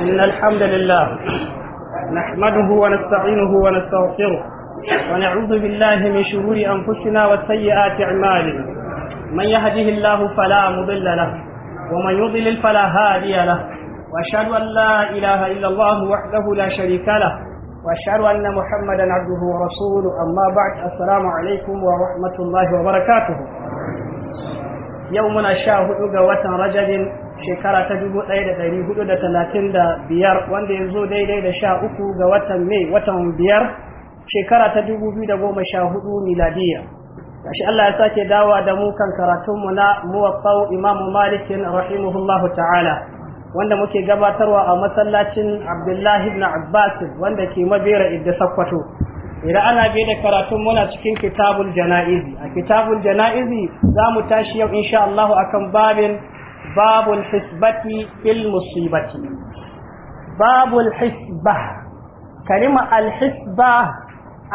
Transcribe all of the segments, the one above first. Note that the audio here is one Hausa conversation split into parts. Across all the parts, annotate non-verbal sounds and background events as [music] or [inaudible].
إن الحمد لله نحمده ونستعينه ونستغفره ونعوذ بالله من شرور أنفسنا وسيئات أعمالنا من يهده الله فلا مضل له ومن يضلل فلا هادي له وأشهد أن لا إله إلا الله وحده لا شريك له وأشهد أن محمدا عبده ورسوله أما بعد السلام عليكم ورحمة الله وبركاته يومنا شاهد قوة رجل shekara ta dubu ɗaya da ɗari hudu da talatin da biyar wanda ya zo daidai da sha uku ga watan mai watan biyar shekara ta dubu biyu da goma sha hudu miladiya gashi Allah ya sake dawa da mu kan karatunmu na muwaffau imamu malikin rahimahullahu ta'ala wanda muke gabatarwa a masallacin abdullahi ibn abbas wanda ke mabera idda sakkwato idan ana bai da karatun muna cikin kitabul jana'izi a kitabul jana'izi za mu tashi yau insha Allah akan babin باب الحسبة في المصيبة باب الحسبة كلمة الحسبة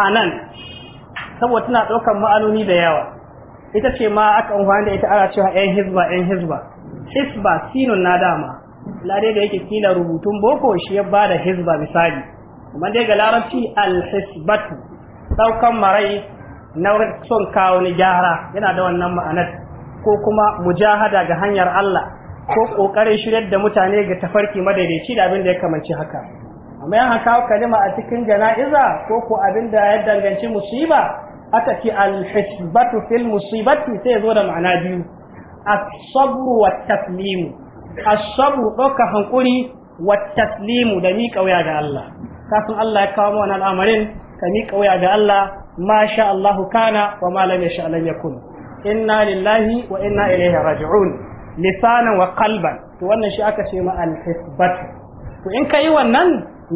أنا سوى تنا دوكا ma'anoni da yawa ita ce ma aka amfani da ita ana cewa yan hizba yan hizba hisba sinun na dama lare da yake kila rubutun boko shi ya bada hizba misali kuma dai ga larabci al-hisbatu daukan marai na son kawo ni gyara yana da wannan ma'anar ko kuma mujahada ga hanyar Allah ko kokarin shiryar da mutane ga tafarki madaidaici da abin da ya kamanci haka amma yan haka kalima a cikin jana'iza ko ko abin da ya danganci musiba aka ci al-hisbatu fil musibati sai zo da ma'ana biyu as-sabru wa taslimu as-sabru doka hankuri wa taslimu da ni kauya ga Allah kafin Allah ya kawo mana al'amarin ka ni kauya ga Allah ma sha Allahu kana wa ma lam yasha lam yakun inna lillahi wa inna ilaihi raji'un lisanan wa qalban to wannan shi aka ce ma al-hisbatu to in kai wannan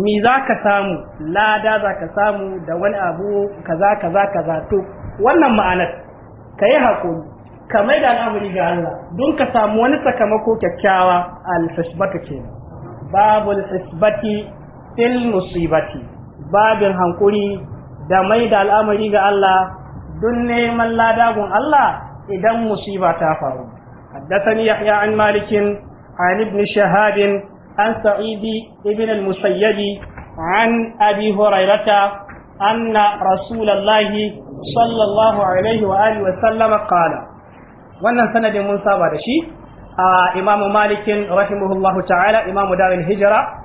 mi za ka samu lada za ka samu da wani abu kaza kaza kaza to wannan ma'anar ka yi haƙuri ka mai da al'amari ga Allah don ka samu wani sakamako kyakkyawa al-hisbatu ke babul hisbati fil musibati babin hankuri da mai da al'amari ga Allah don neman ladagun Allah idan musiba ta faru haddathani yahya an malikin an ibn shahab an sa'id ibn al-musayyib an abi hurairata anna rasulullahi sallallahu alaihi wa sallama qala wannan sanadin mun saba da shi a imamu malikin rahimahullahu ta'ala imamu darul hijira.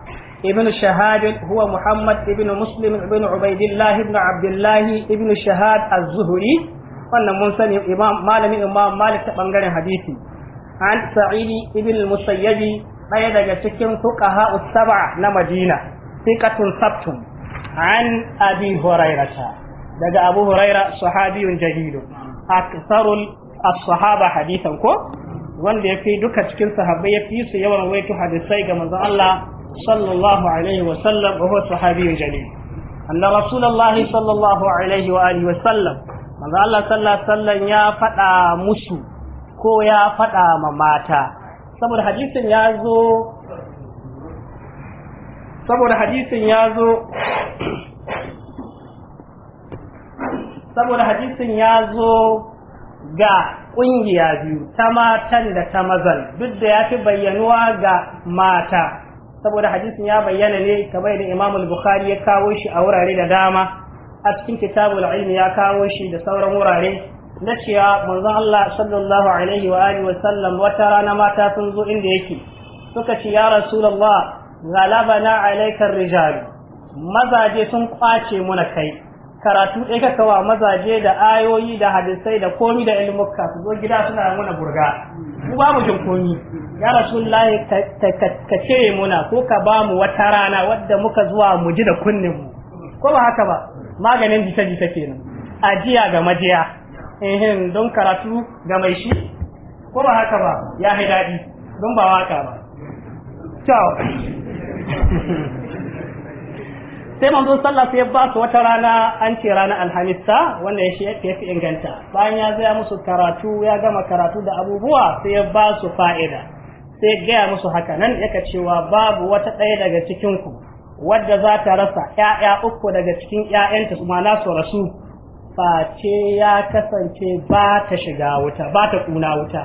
ابن شهاب هو محمد ابن مسلم ابن عبيد الله ابن عبد الله ابن شهاب wannan mun sani imam malamin imam malik ta bangaren hadisi an sa'idi ibn musayyabi daya daga cikin fuqaha sab'a na madina Sikatun sabtun an abi hurairata daga abu huraira sahabiyun jadidun aktharul as-sahaba hadisan ko wanda yafi duka cikin sahabbai yafi su yawan waitu hadisai ga manzon Allah صلى الله عليه وسلم وهو صحابي جليل أن رسول الله صلى الله عليه وآله وسلم ماذا الله صلى الله عليه وسلم يا فتى مسو كو يا فتى مماتا saboda hadisin ya zo saboda hadisin ya zo saboda hadisin ya zo ga ƙungiya biyu ta matan da ta mazan duk da ya fi bayyanuwa ga mata saboda hadisin ya bayyana ne kamar da Imam al-Bukhari ya kawo shi a wurare da dama a cikin kitabul ilmi ya kawo shi da sauran wurare na cewa manzon Allah sallallahu alaihi wa alihi wa sallam wata rana mata sun zo inda yake suka ce ya rasulullah alayka alaikar rijal mazaje sun kwace muna kai karatu ɗaya ka kawa mazaje da ayoyi da hadisai da komi da ilmuka su zo gida suna muna burga mu ba mu jin komi ya rasulullahi ka ce muna ko ka ba mu wata rana wadda muka zuwa mu ji da kunnen mu ko ba haka ba maganin jita jita kenan ajiya ga majiya ehin don karatu ga mai shi ko ba haka ba ya hai daɗi don ba waka ba ciao [laughs] sai manzo sallah sai ba su wata rana an ce rana alhamista wanda ya shi fi inganta bayan ya zaya musu karatu ya gama karatu da abubuwa sai ya ba su fa'ida sai gaya musu haka nan yaka cewa babu wata ɗaya daga cikinku wadda za ta rasa 'ya'ya uku daga cikin 'ya'yanta su mana su rasu face ya kasance ba ta shiga wuta ba ta ƙuna wuta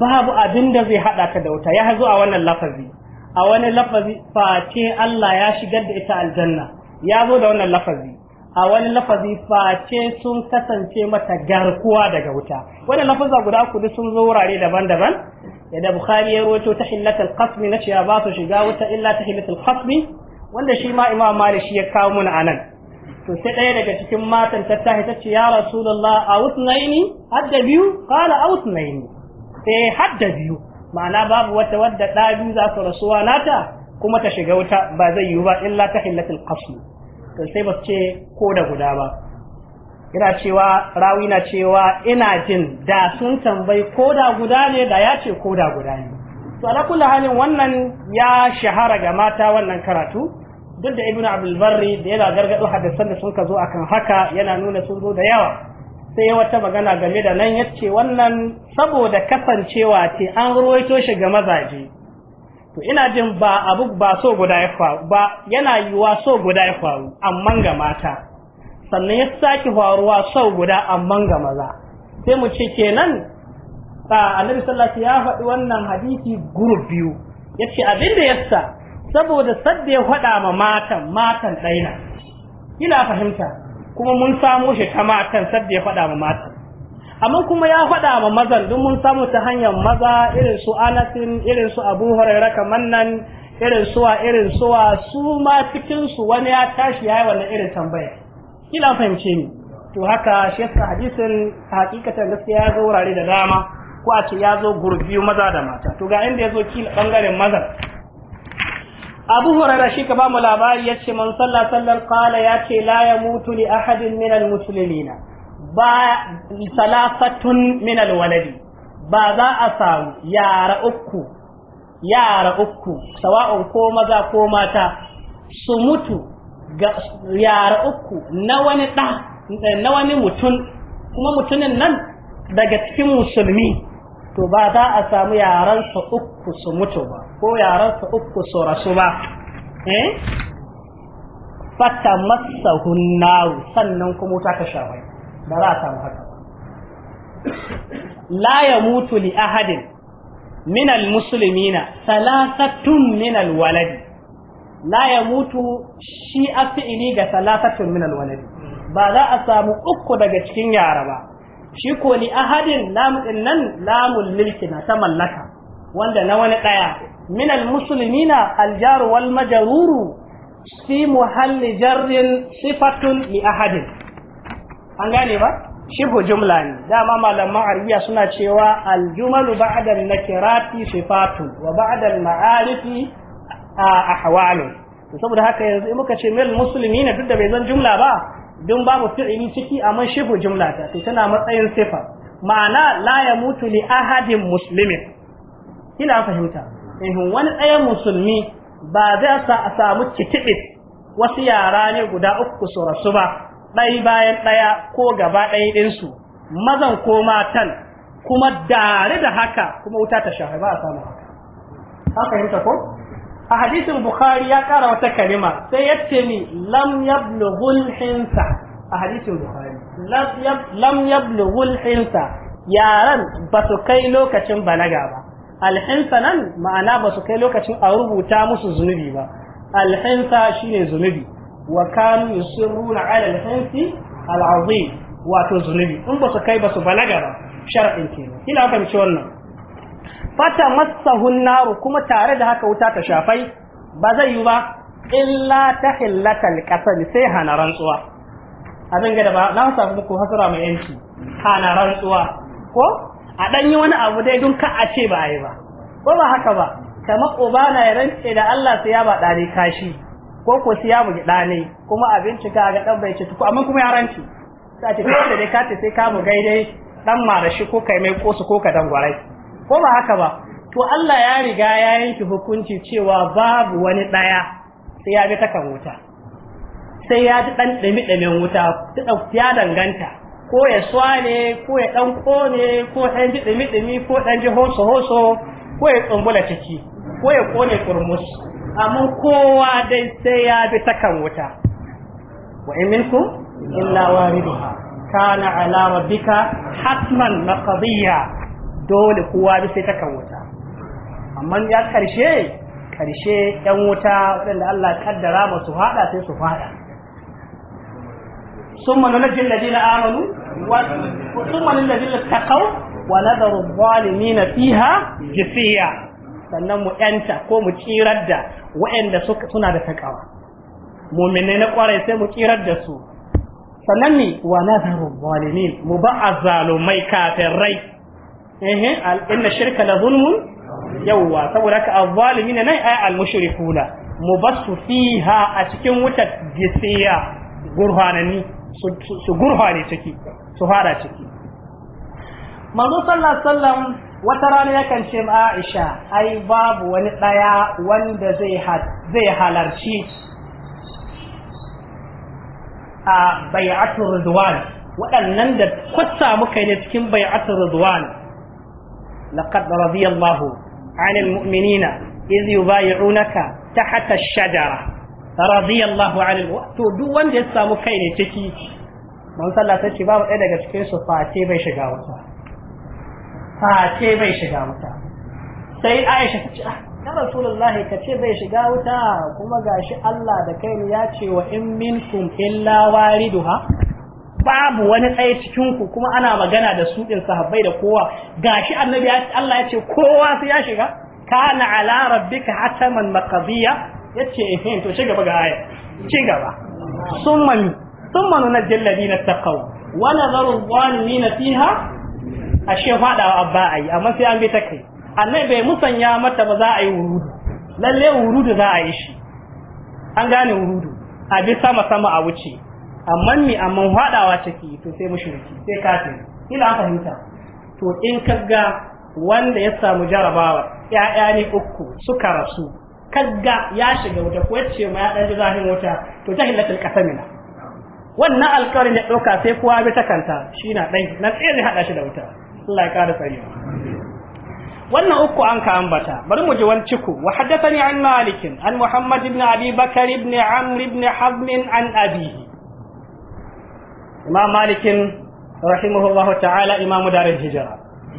babu abin da zai haɗa ka da wuta ya zo a wannan lafazi a wani lafazi face Allah ya shigar da ita aljanna ya zo da wannan lafazi a wani lafazi face sun kasance mata garkuwa daga wuta Wani lafaza guda kudu sun zo wurare daban-daban yadda bukhari ya rawaito ta hillatul qasmi na ciya ba su shiga wata illa ta hillatul qasmi wanda shi ma imam malik shi ya kawo mun anan to sai ɗaya daga cikin matan ta tahi ta ce ya rasulullah a wutnaini hadda biyu qala a wutnaini eh hadda biyu ma'ana babu wata wadda ɗa biyu za su rasuwa nata kuma ta shiga wuta ba zai yiwu ba illa ta hillatul qasmi to sai ba su ce ko da guda ba yana cewa rawi na cewa ina jin da sun tambayi ko da guda ne da ya ce ko da guda ne to ala kullu halin wannan ya shahara ga mata wannan karatu duk da ibnu abdul barri da yana gargado hadisan da sun ka zo kan haka yana nuna sun zo da yawa sai wata magana game da nan yace wannan saboda kasancewa ce an ruwaito shi ga mazaje to ina jin ba abu ba so guda ya faru ba yana yiwa so guda ya faru amma ga mata sannan ya sake faruwa sau guda amman ga maza sai mu ce kenan ta annabi sallallahu ya faɗi wannan hadisi guru biyu yace abin da yasa saboda sadda ya faɗa ma matan matan ɗaina ina fahimta kuma mun samu shi ta matan sadda ya faɗa ma matan amma kuma ya faɗa ma mazan duk mun samu ta hanyar maza irin su anasin irin su abu hurairah nan irin suwa irin suwa su ma cikin wani ya tashi ya yi wannan irin tambayar kila fahimce ni to haka shi hadisin hakikatan gaskiya ya zo wurare da dama ko a ce ya zo gurbiyu maza da mata to ga inda ya zo kila bangaren maza Abu Hurairah shi ka ba mu labari yace man sallah sallan qala yace la ya mutu li ahadin min al muslimina ba salafatun min waladi ba za a samu yara uku yara uku sawa'un ko maza ko mata su mutu yara uku na wani ɗa na wani mutum kuma mutumin nan daga cikin musulmi to ba za a samu yaransa uku su mutu ba ko yaransa uku su rasu ba eh fata masa hunnaru sannan kuma wuta ta shawai ba za a samu haka ba la ya mutu li ahadin minal muslimina salasatun minal waladi la ya mutu shi afi'ili ga salatatun min alwalad ba za a samu uku daga cikin yara ba shi ko li ahadin lam din nan lamul milki na ta mallaka wanda na wani ɗaya. min musulmi na wal majaruru. fi muhalli jarrin sifatun li ahadin an gane ba shibhu jumla ne dama malaman arabiya suna cewa aljumalu ba'da nakirati sifatun wa ba'da al-ma'arifi a To saboda haka yanzu muka ce mil musulmi ne duk da bai zan jumla ba don babu fi'ili ciki amma shifu jumla ta to tana matsayin sifa ma'ana la ya mutu li ahadin muslimin kina fahimta eh wani ɗayan musulmi ba zai sa a samu kitibit wasu yara ne guda uku su rasu ba ɗaya bayan ɗaya ko gaba ɗaya ɗinsu mazan ko matan kuma dare da haka kuma wuta ta shafe a samu haka Ka fahimta ko a hadisin bukhari ya kara wata kalima sai ya ce ni lam yablughul hinsa a hadisin bukhari lam yablughul hinsa yaran ba su kai lokacin balaga ba alhinsa nan ma'ana ba su kai lokacin a rubuta musu zunubi ba alhinsa shine zunubi wa kanu yusirruna ala alhinsi al'azim wato zunubi in ba su kai ba su balaga ba shar'in kenan kila fahimci wannan fata masahun naru kuma tare da haka wuta ta shafai ba zai yi ba illa ta hillatal kasar sai hana rantsuwa abin gada ba na samu muku hasara mai yanci hana rantsuwa ko a ɗan yi wani abu dai don ka a ce ba a yi ba ko ba haka ba maƙo ba na ya rantse da Allah su ya ba ɗane kashi ko ko su ya bugi dane kuma abin cika ga ɗan bai ci tuku amma kuma ya ranci sa ce kai da dai ka sai ka bugai dai ɗan marashi ko kai mai kosu ko ka dangwarai ko ba haka ba to Allah ya riga ya yanke hukunci cewa babu wani ɗaya sai ya bi takan wuta sai ya ji ɗan dami ɗamin wuta ya danganta ko ya swane ko ya ɗan kone ko dan ji dami dami ko ɗan ji hoso-hoso ko ya tsumbula ciki ko ya kone kurmus amma kowa dai sai ya bi takan wuta wa in minkum illa wariduha kana ala rabbika hatman maqdiya dole kowa bi sai ta kan wuta amma ya karshe karshe yan wuta waɗanda Allah kaddara ba su haɗa sai su faɗa, sun manu na jin ladina amanu sun summa na jin takau wa nazaru zalimina fiha jisiya sannan mu yanta ko mu tsirar da waɗanda suna da taqawa muminai na kwarai sai mu tsirar da su sannan ni wa nazaru zalimin mu ba azzalumai kafirai eh inna shirka la zulmun yawwa saboda ka azzalimina nan ay al mushrikuna mubassu fiha a cikin wutar gisiya gurhanani su gurhane ciki su fara ciki manzo sallallahu alaihi wasallam wata rana yakan ce ma Aisha ai babu wani daya wanda zai zai halarci a bai'atul ridwan waɗannan da kwatsa muka ne cikin bai'atul ridwan لقد رضي الله عن المؤمنين إذ يبايعونك تحت الشجرة رضي الله عن الوقت دو وند يسامو كاين تكي من صلى تكي باب إيه دقا تكين سفاتي بي شقاوتا فاتي بي شقاوتا سيد عائشة تكي ya rasulullahi ka ce bai shiga wuta kuma gashi Allah da kai ya ce wa in minkum illa wariduha babu wani tsaye cikin ku kuma ana magana da su din sahabbai da kowa gashi annabi Allah ya ce kowa sai ya shiga kana ala rabbika hataman maqdiya yace eh to shi gaba ga aya shi gaba summa summa nunajjil ladina taqaw wa nadharu dhalimina fiha ashe fadawa abba ai amma sai an bi ta kai annabi bai musanya mata ba za a yi wurudu lalle wurudu za a yi shi an gane wurudu a bi sama sama a wuce amma mi amma hadawa take to sai mushriki sai kafiri ila an fahimta to in kaga wanda ya samu jarabawa ya'ya ne uku suka rasu kaga ya shiga wuta ko yace ma ya dan ji zahin wuta to jahilatul qasamina wannan alƙawarin ya ɗauka sai kowa bi takanta shi na ɗai na tsaye haɗa shi da wuta Allah ya ƙara tsari wannan uku an ka ambata bari mu ji wani ciku wa haddathani an malikin an muhammad ibn abi bakar ibn amr ibn hazm an abihi imam malikin rahimahullahu ta'ala imamu darin hijira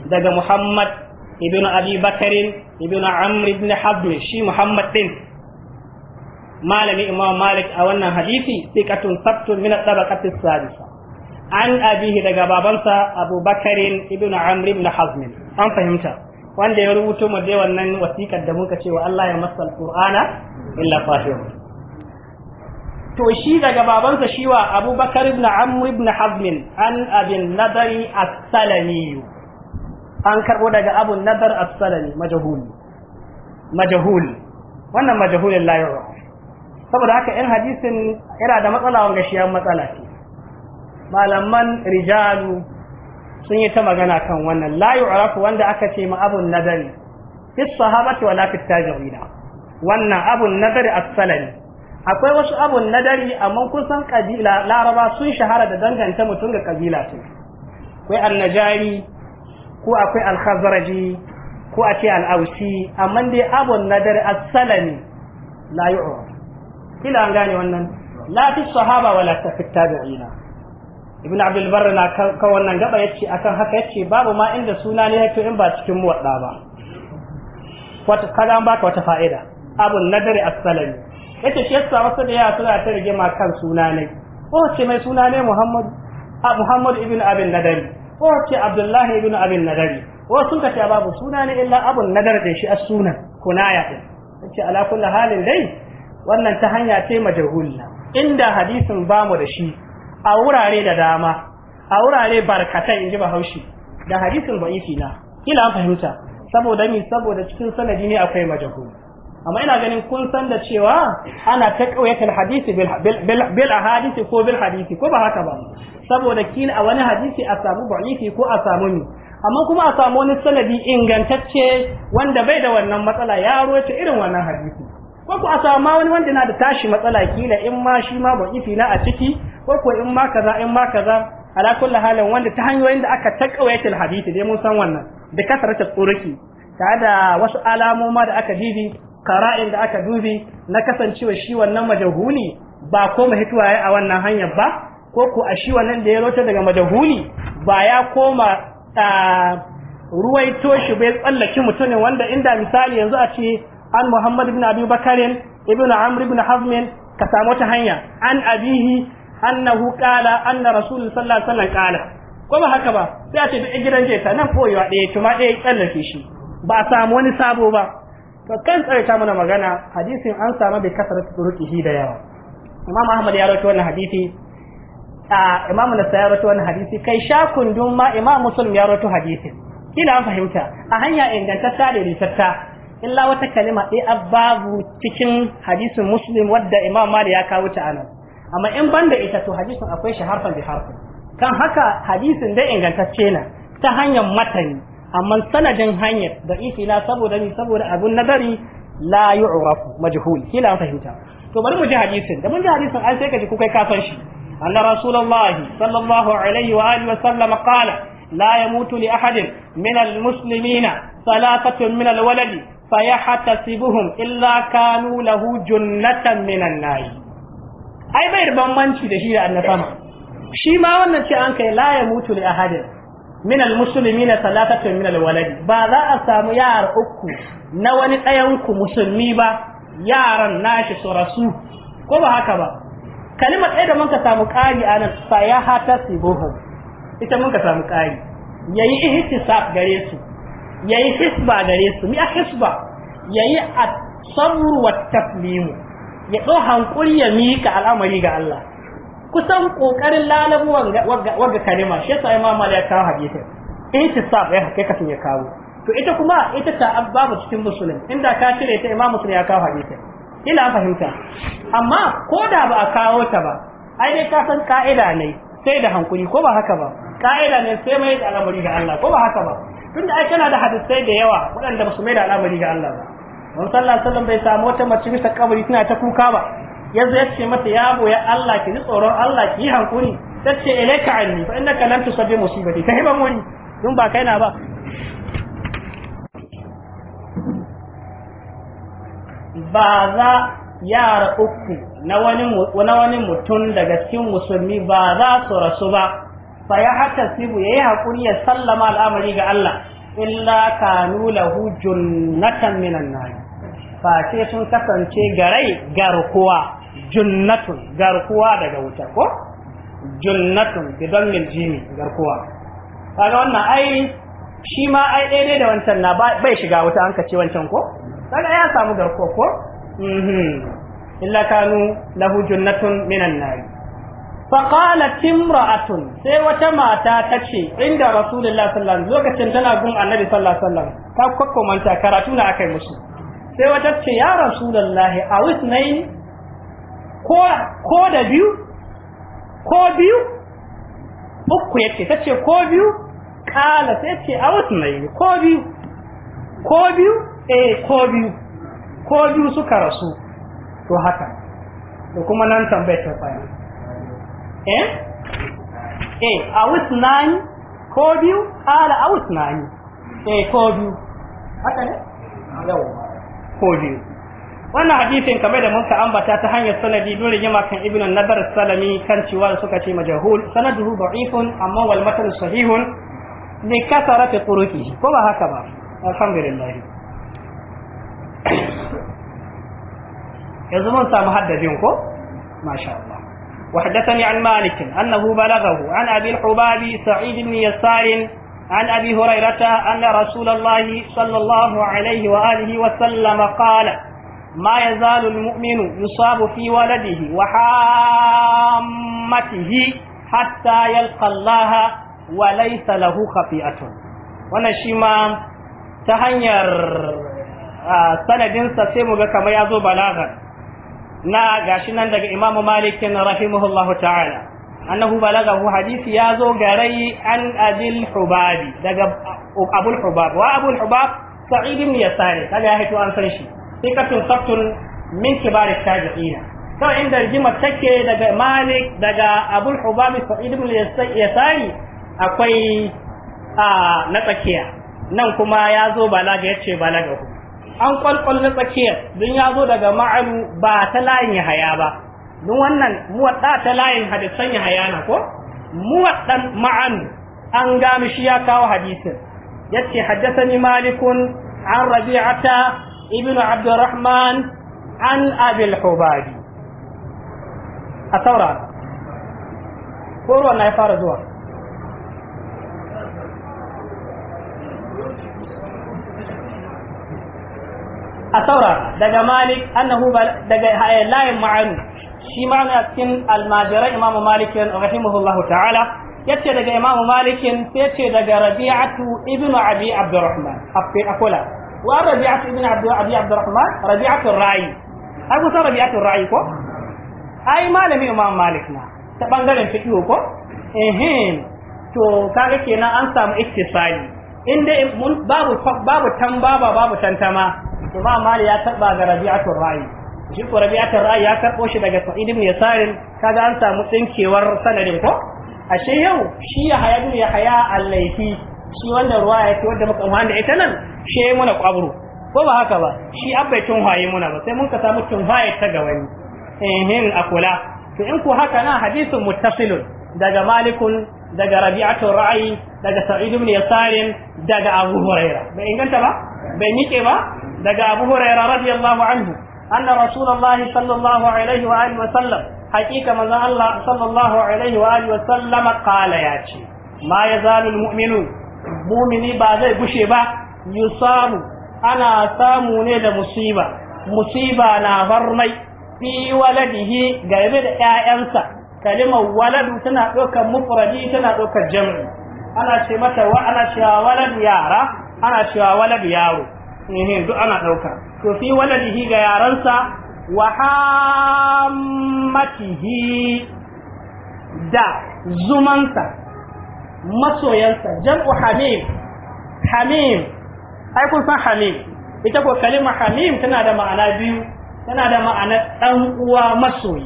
daga muhammad ibn abi bakarin ibn amr ibn habbi shi muhammad din malami imam malik a wannan hadisi sikatun sabtun min tabaqati sadisa an abihi daga babansa abu bakarin ibn amr ibn hazm an fahimta wanda ya rubuto mu dai wannan wasiƙar da muka cewa Allah ya masa alqur'ana illa fahim to shi daga babansa shi wa abubakar ibn amr ibn hazmin an abin nadari as-salami an karbo daga abun nadar as-salami majhul majhul wannan majahulin la yura saboda haka in hadisin yana da matsala wanga shi matsala ce malaman rijalu sun yi ta magana kan wannan la yu'rafu wanda aka ce ma abun nadari fi sahabati wala fi tajawina wannan abun nadari as-salami akwai wasu abun dare amma san kabila laraba sun shahara da danganta mutum ga kabila su akwai annajari ko akwai alhazaraji ko a ce al'ausi amma dai abun nadari asalami la yi kila an gane wannan la fi sahaba wala ta fi tabi'ina ibn abdul barr na kan wannan gaba yace akan haka yace babu ma inda suna ne yake in ba cikin muwadda ba wata kaga an baka wata fa'ida abun nadari asalami yace shi yasa wasu da yawa suna ta ma kan suna ne ko ce mai suna ne Muhammad Muhammad ibn Abin Nadari ko ce Abdullahi ibn Abin Nadari ko sun ka ce babu suna ne illa Abun Nadar da shi as-suna kunaya din yace ala kulli halin dai wannan ta hanya ce majhulna inda hadisin bamu da shi a wurare da dama a wurare barkatai in ji bahaushe da hadisin ba'ifi na kila an fahimta saboda mi saboda cikin sanadi ne akwai majahul amma ina ganin kun san da cewa ana ta kauyatar hadisi bil hadisi ko bil hadisi ko ba haka ba saboda kin a wani hadisi a samu ba'ifi ko a samu ni amma kuma a samu wani sanadi ingantacce wanda bai da wannan matsala ya roce irin wannan hadisi ko ku a samu wani wanda na da tashi matsala kila in ma shi ma ba'ifi na a ciki ko ko in ma kaza in ma kaza ala kulli halin wanda ta hanyoyin da aka taqawayatul hadisi dai mun san wannan da kasaratul turuki tare da wasu alamoma da aka bibi. kara'in da aka dubi na kasancewa shi wannan majahuli ba koma hituwa a wannan hanyar ba ko ku a shi wannan da ya rota daga majahuli ba ya koma ruwai toshi bai tsallaki mutumin wanda inda misali yanzu a ce an muhammad ibn abu bakarin ibn amr ibn hazmin ka samu wata hanya an abihi annahu qala anna rasul sallallahu alaihi wasallam qala ko ba haka ba sai a ce duk gidan jeta nan a ɗaya kuma ɗaya tsallake shi ba a samu wani sabo ba to kan ta mana magana hadisin an samu bai kasar turuki da yawa imam ahmad ya rawaito wannan hadisi a imam nasa ya rawaito wannan hadisi kai sha kundun ma imam muslim ya rawaito hadisi kila an fahimta a hanya ingantatta da ritatta illa wata kalima ɗaya babu cikin hadisin muslim wadda imam mali ya kawo ta anan amma in ban da ita to hadisin akwai shi harfan bi kan haka hadisin dai ingantacce na ta hanyar matani amma sanadin hanyar da ifina saboda ni saboda abun nazari la yu'rafu majhul kila an fahimta to bari mu ji hadisin da mun ji hadisin an sai ka ji kafan shi anna rasulullahi sallallahu alaihi wa alihi wa sallam qala لا يموت لأحد من المسلمين ثلاثة من الولد فيحتسبهم إلا كانوا له جنة من da أي da بمانشي ده هي أن فما شي ما وانا شي أنك لا يموت ahadin. min na salatatu min waladi, ba za a samu yara uku na wani ɗayan ku musulmi ba yaran nashi su rasu ko ba haka ba kalimar ɗaya da ka samu ƙari a nan sayahata sibuhum ita ka samu ƙari yayi ihtisab gare su yayi hisba gare su mi a hisba yayi at-sabr wa taslimu ya ɗau hankuri ya mika al'amari ga Allah kusan kokarin lalabu wanga kalima shi yasa imam malik ya kawo hadisin ihtisab ya eh, kai ya kawo to ita kuma ita ta babu cikin musulun inda ka cire ta imam ya kawo hadisin ina fahimta amma ko da ba a kawo ta ba ai dai ka san ka'ida ne sai da hankuri ko ba haka ba ka'ida ne sai mai da al'amari ga Allah ko ba haka ba tunda ai kana da hadisai da yawa waɗanda ba su mai da al'amari ga Allah ba Wani sallallahu alaihi wasallam bai samu wata mace bisa kabari tana ta kuka ba ya ce mata ya ya Allah ki ji tsoron Allah ki yi hankuri tace ilaika anni fa innaka lam tusabbi musibati ta ba muni dun ba kai ba ba za yara uku na wani mutum daga cikin musulmi ba za su rasu ba fa ya haka sibu yayi hakuri ya sallama al'amari ga Allah illa kanu lahu junnatan minan nar fa sai sun kasance garai garkuwa junnatun garkuwa daga wuta ko junnatun bidan mil jini garkuwa kaga wannan ai shi ma ai daidai da wancan na bai shiga wuta an kace wancan ko kaga ya samu garkuwa ko mhm illa kanu lahu junnatun minan nar fa qalat imra'atun sai wata mata tace inda rasulullahi sallallahu alaihi wasallam lokacin tana gun annabi sallallahu alaihi wasallam ta manta karatu na akai musu sai wata ce ya rasulullahi awis nayi ko da biyu ko biyu uku yake ta ce ko biyu kala sai ce a wasu na yi ko biyu ko biyu eh ko biyu ko biyu suka rasu to haka da kuma nan tambayar tsaya eh eh a wasu na yi ko biyu kala a wasu na yi eh ko biyu haka ne yau ko biyu wannan hadisin kamar da muka ambata ta hanyar sanadi dole rigima kan ibn an-nadar salami kan cewa suka ce majhul sanaduhu da'ifun amma wal matan sahihun ne kasara ta turuki ko ba haka ba alhamdulillah yanzu mun samu haddadin ko masha Allah وحدثني عن مالك أنه بلغه عن أبي الحباب سعيد بن يسار عن أبي هريرة أن رسول الله صلى الله عليه وآله وسلم قال ما يزال المؤمن يصاب في ولده وحامته حتى يلقى الله وليس له خطيئة wannan shi ma ta hanyar sanadinsa sai muga ga kamar ya zo balagar na gashi nan daga imamu malikin rahimahullahu ta'ala annahu balagahu hadisi ya zo garai an abil daga abul hubab wa ya hito an san shi sikatun sabtun min kibar tajiina to inda rigimar take daga malik daga abul hubabi sa'id ibn Yasa'i, akwai a na tsakiya nan kuma ya zo balaga yace balaga ku an kwalkwal na tsakiya don ya zo daga ma'alu ba ta layin haya ba don wannan mu wadda ta layin hadisan ya haya na ko wadda ma'alu an gami shi ya kawo hadisin yace haddathani malikun an rabi'ata ابن عبد الرحمن عن أبي الحبادي الثورة قولوا أن يفار زوا الثورة دقى مالك أنه دقى لا معن شي معنى أسكن الماجرة إمام مالك رحمه الله تعالى yace daga imamu malikin sai ce daga rabi'atu ibnu abi abdurrahman akula wa rabi'at ibn abdu abi abdurrahman rabi'atu ra'i ai kusan rabi'atu ra'i ko ai malami imam malik na ta bangaren fiqh ko eh to kaga kenan an samu ittisali inda babu babu tambaba babu tantama imam malik ya taba ga rabi'atu ra'i shi ko rabi'atu ra'i ya karbo shi daga sa'id ibn yasar kaga an samu tsinkewar sanadin ko ashe yau shi ya haya ya haya al-laifi shi wanda ruwa ya ce wanda muka amfani da ita nan shi ya yi muna kwabro ko ba haka ba shi abbai tun haye muna ba sai mun ka samu tun haye ta ga wani ehin akula to in ku haka na hadisin muttasilun daga malikun daga rabi'atul ra'ayi daga sa'id ibn yasarin daga abu huraira bai inganta ba bai nike ba daga abu huraira radiyallahu anhu anna rasulullahi sallallahu alaihi wa alihi wa sallam hakika manzon Allah sallallahu alaihi wa alihi wa sallam qala yace ma yazalu mumini ba zai gushe ba yusamu ana samu ne da musiba musiba na farmai fi waladihi game da 'ya'yansa. kalimar waladu tana ɗaukar mufradi tana ɗaukar jam'i ana ce mata wa ana cewa waladu yara ana cewa waladu yaro ehe duk ana ɗauka to fi waladihi ga yaransa wa hammatihi da zumansa masoyansa jam'u hamim hamim ai kun san hamim ita ko kalima hamim tana da ma'ana biyu tana da ma'ana dan uwa masoyi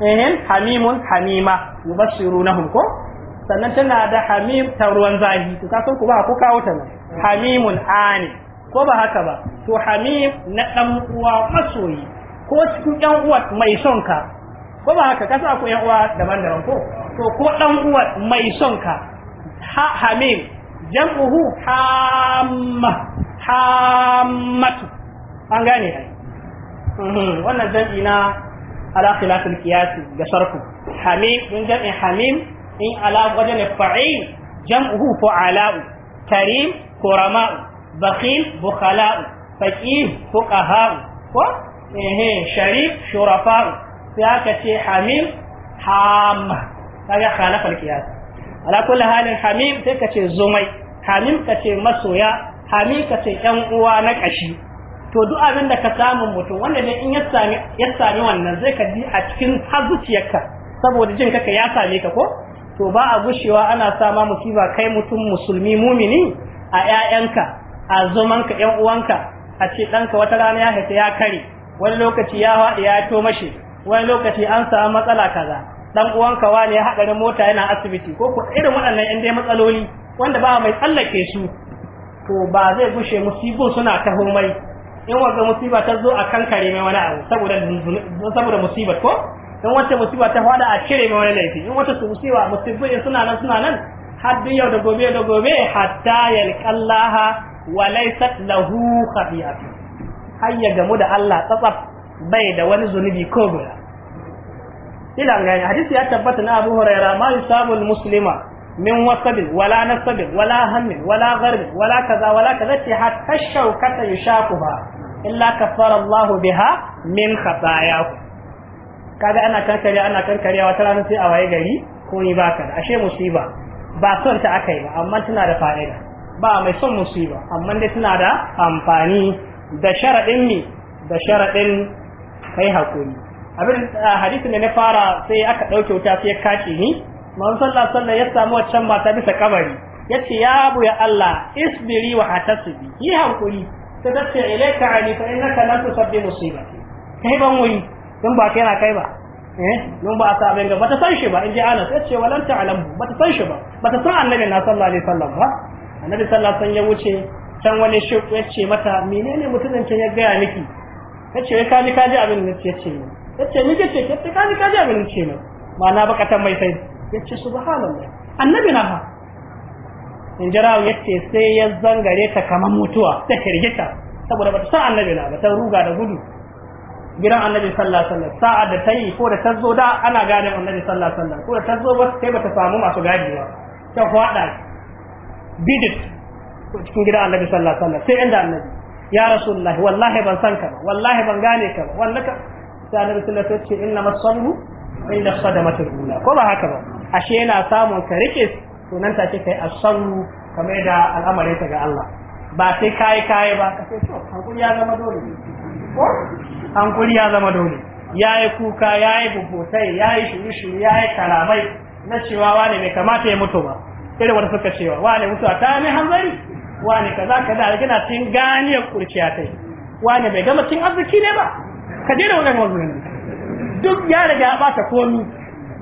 eh hamimun hamima yubashirunahum ko sannan tana da hamim ta ruwan zahi to ka san ku ba ku kawo ta nan hamimun ani ko ba haka ba to hamim na dan uwa masoyi ko cikin yan uwa mai son ka ko ba haka ka sa ku yan uwa daban-daban ko to ko dan uwa mai son ka ha hamim jam'uhu hamma hammatu an gane ai mhm, wannan jam'i na ala khilafil qiyas ga sarku hamim in jam'i hamim in ala wajen fa'il jam'uhu fu'ala'u karim kurama'u bakhil bukhala'u faqih fuqaha'u ko eh sharif shurafa'u sai aka ce hamim hamma kaga khalafal qiyas ala kulli halin hamim sai ka ce zumai hamim ka ce masoya hamim ka ce yan uwa na kashi to duk abin da ka samu mutum wanda ne in ya sami ya sami wannan zai ka a cikin hazuciyarka saboda jin kaka ya same ka ko to ba a gushewa ana sama musiba kai mutum musulmi mumini a ƴaƴanka a zumanka ƴan uwanka a ce ɗanka wata rana ya haifa ya kare wani lokaci ya haɗe ya to mashi wani lokaci an samu matsala kaza dan uwanka wani ya hadarin mota yana asibiti ko ko irin waɗannan yan dai matsaloli wanda ba mai tsallake su to ba zai gushe musibin suna ta mai in wanda musiba ta zo a kankare mai wani abu saboda saboda musibar ko in wata musiba ta fada a cire mai wani laifi in wata musiba musibin suna nan suna nan har yau da gobe da gobe hatta yalqallaha wa laysat lahu khabiyatu hayya gamu da Allah tsatsaf bai da wani zunubi ko guda ila gani hadisi ya tabbata na Abu Huraira ma yusabu muslima min wasabin wala nasabin wala hammin wala gharbin wala kaza wala kaza ti hatta shaukata yushaquha illa kafara Allah biha min khatayahu kaga ana kankare ana kankare wata nan sai a waye gari ko ni baka ashe musiba ba son ta akai ba amma tana da fa'ida ba mai son musiba amma dai tana da amfani da sharadin mi da sharadin kai hakuri abin hadisin da na fara sai aka ɗauke wuta sai ya kace ni man sallah sallah ya samu wancan mata bisa kabari ya ce ya abu ya Allah isbiri wa hatasibi yi hankuri sai ta ce ilaika ani fa innaka lam tusabbi musibati kai ban wuri dan ba kai na kai ba eh dan ba a sa abin ga bata san shi ba in ji ana sai ce walan ba bata san shi ba bata san annabi na sallallahu alaihi wasallam ba annabi sallallahu alaihi wasallam ya wuce can wani shi ya ce mata menene mutumin can ya gaya miki ta ce ka ji ka ji abin da ya ce yace ni kace kace kaji kaji abin da ce na ba baka tambayi sai yace subhanallah annabi na ha in jirawo yace sai ya zangare ta kamar mutuwa ta kirgita saboda ba ta san annabi na ba ta ruga da gudu gidan annabi sallallahu alaihi wasallam sa'ad da yi ko da tazo da ana gane annabi sallallahu alaihi wasallam ko da tazo ba sai bata samu masu gadi ba ta fada bidit cikin gidan annabi sallallahu alaihi wasallam sai inda annabi ya rasulullahi wallahi ban san ka ba wallahi ban gane ka ba sai annabi sallallahu alaihi wasallam ce inna masallu inda sadamatul ula ko ba haka ba ashe yana samun ka rike to nan take kai asalu kamar da al'amarin ta ga Allah ba sai kai kai ba ka sai to hankuri ya zama dole ko hankuri ya zama dole yayi kuka yayi bubutai yayi shuru-shuru yayi karamai na cewa wane bai kamata ya mutu ba irin wanda suka cewa wane mutu a ta ne hanzari wane kaza kaza kina cin ganiyar kurciya tai wane bai gama cin arziki ne ba ka daina wannan wannan duk ya riga ya bata komi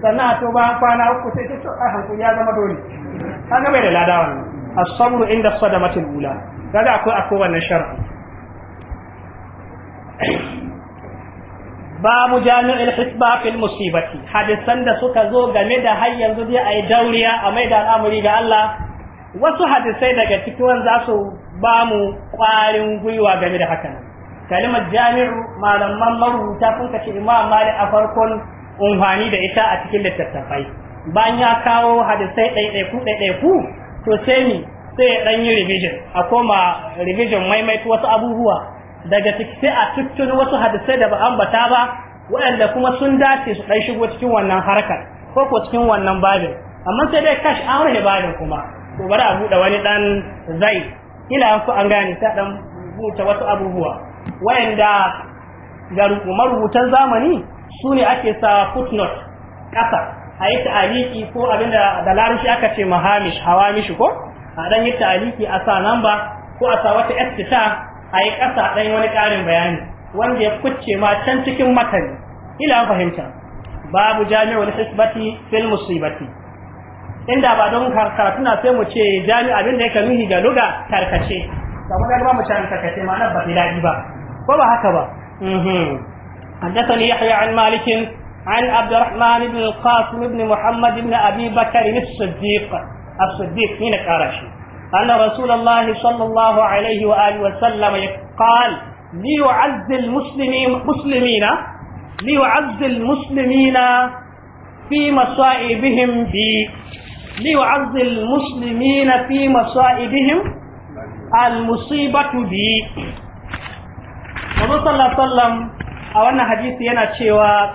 sannan a toba ba kwana uku sai ta a hankali ya zama dole kaga bai da lada wannan as-sabru inda sadamatil ula kaga akwai akwai wannan sharadi babu jami'il hisba fil musibati hadisan da suka zo game da har yanzu dai ayi dauriya a mai da al'amuri ga Allah wasu hadisai daga cikin za su ba mu ƙwarin gwiwa game da hakan. nan kalimar jami'u malaman marubuta sun kace imam malik a farkon umfani da ita a cikin littattafai bayan ya kawo hadisai ɗaiɗaiku ku to sai ni sai ɗan yi revision a koma revision maimaitu wasu abubuwa daga ciki sai a tuttuni wasu hadisai da ba ambata ba waɗanda kuma sun dace su ɗan shigo cikin wannan harkar ko ko cikin wannan babin amma sai dai kash an rufe babin kuma to bari a buɗe wani ɗan zai ila an ku an gane ta ɗan buta wasu abubuwa wayanda ga marubutan zamani su ne ake sa footnote ƙasa a yi ta'aliki ko abinda da larushi aka ce mahamish mishi ko a dan yi ta'aliki a sa namba ko a sa wata estita a yi ƙasa dan wani ƙarin bayani wanda ya kucce ma can cikin matani ila fahimta babu wani hisbati fil musibati inda ba don karatu sai mu ce jami'a abinda da yake nuhi ga luga tarkace kamar da ba mu ba ta ba ko ba haka ba mhm. حدثني يحيى عن مالك عن عبد الرحمن بن القاسم بن محمد بن أبي بكر الصديق الصديق من القرشي أن رسول الله صلى الله عليه وآله وسلم قال ليعز المسلمين مسلمين ليعز المسلمين في مصائبهم بي ليعز المسلمين في مصائبهم al-musibatu bi Manzo sallallahu sallam a wannan hadisi yana cewa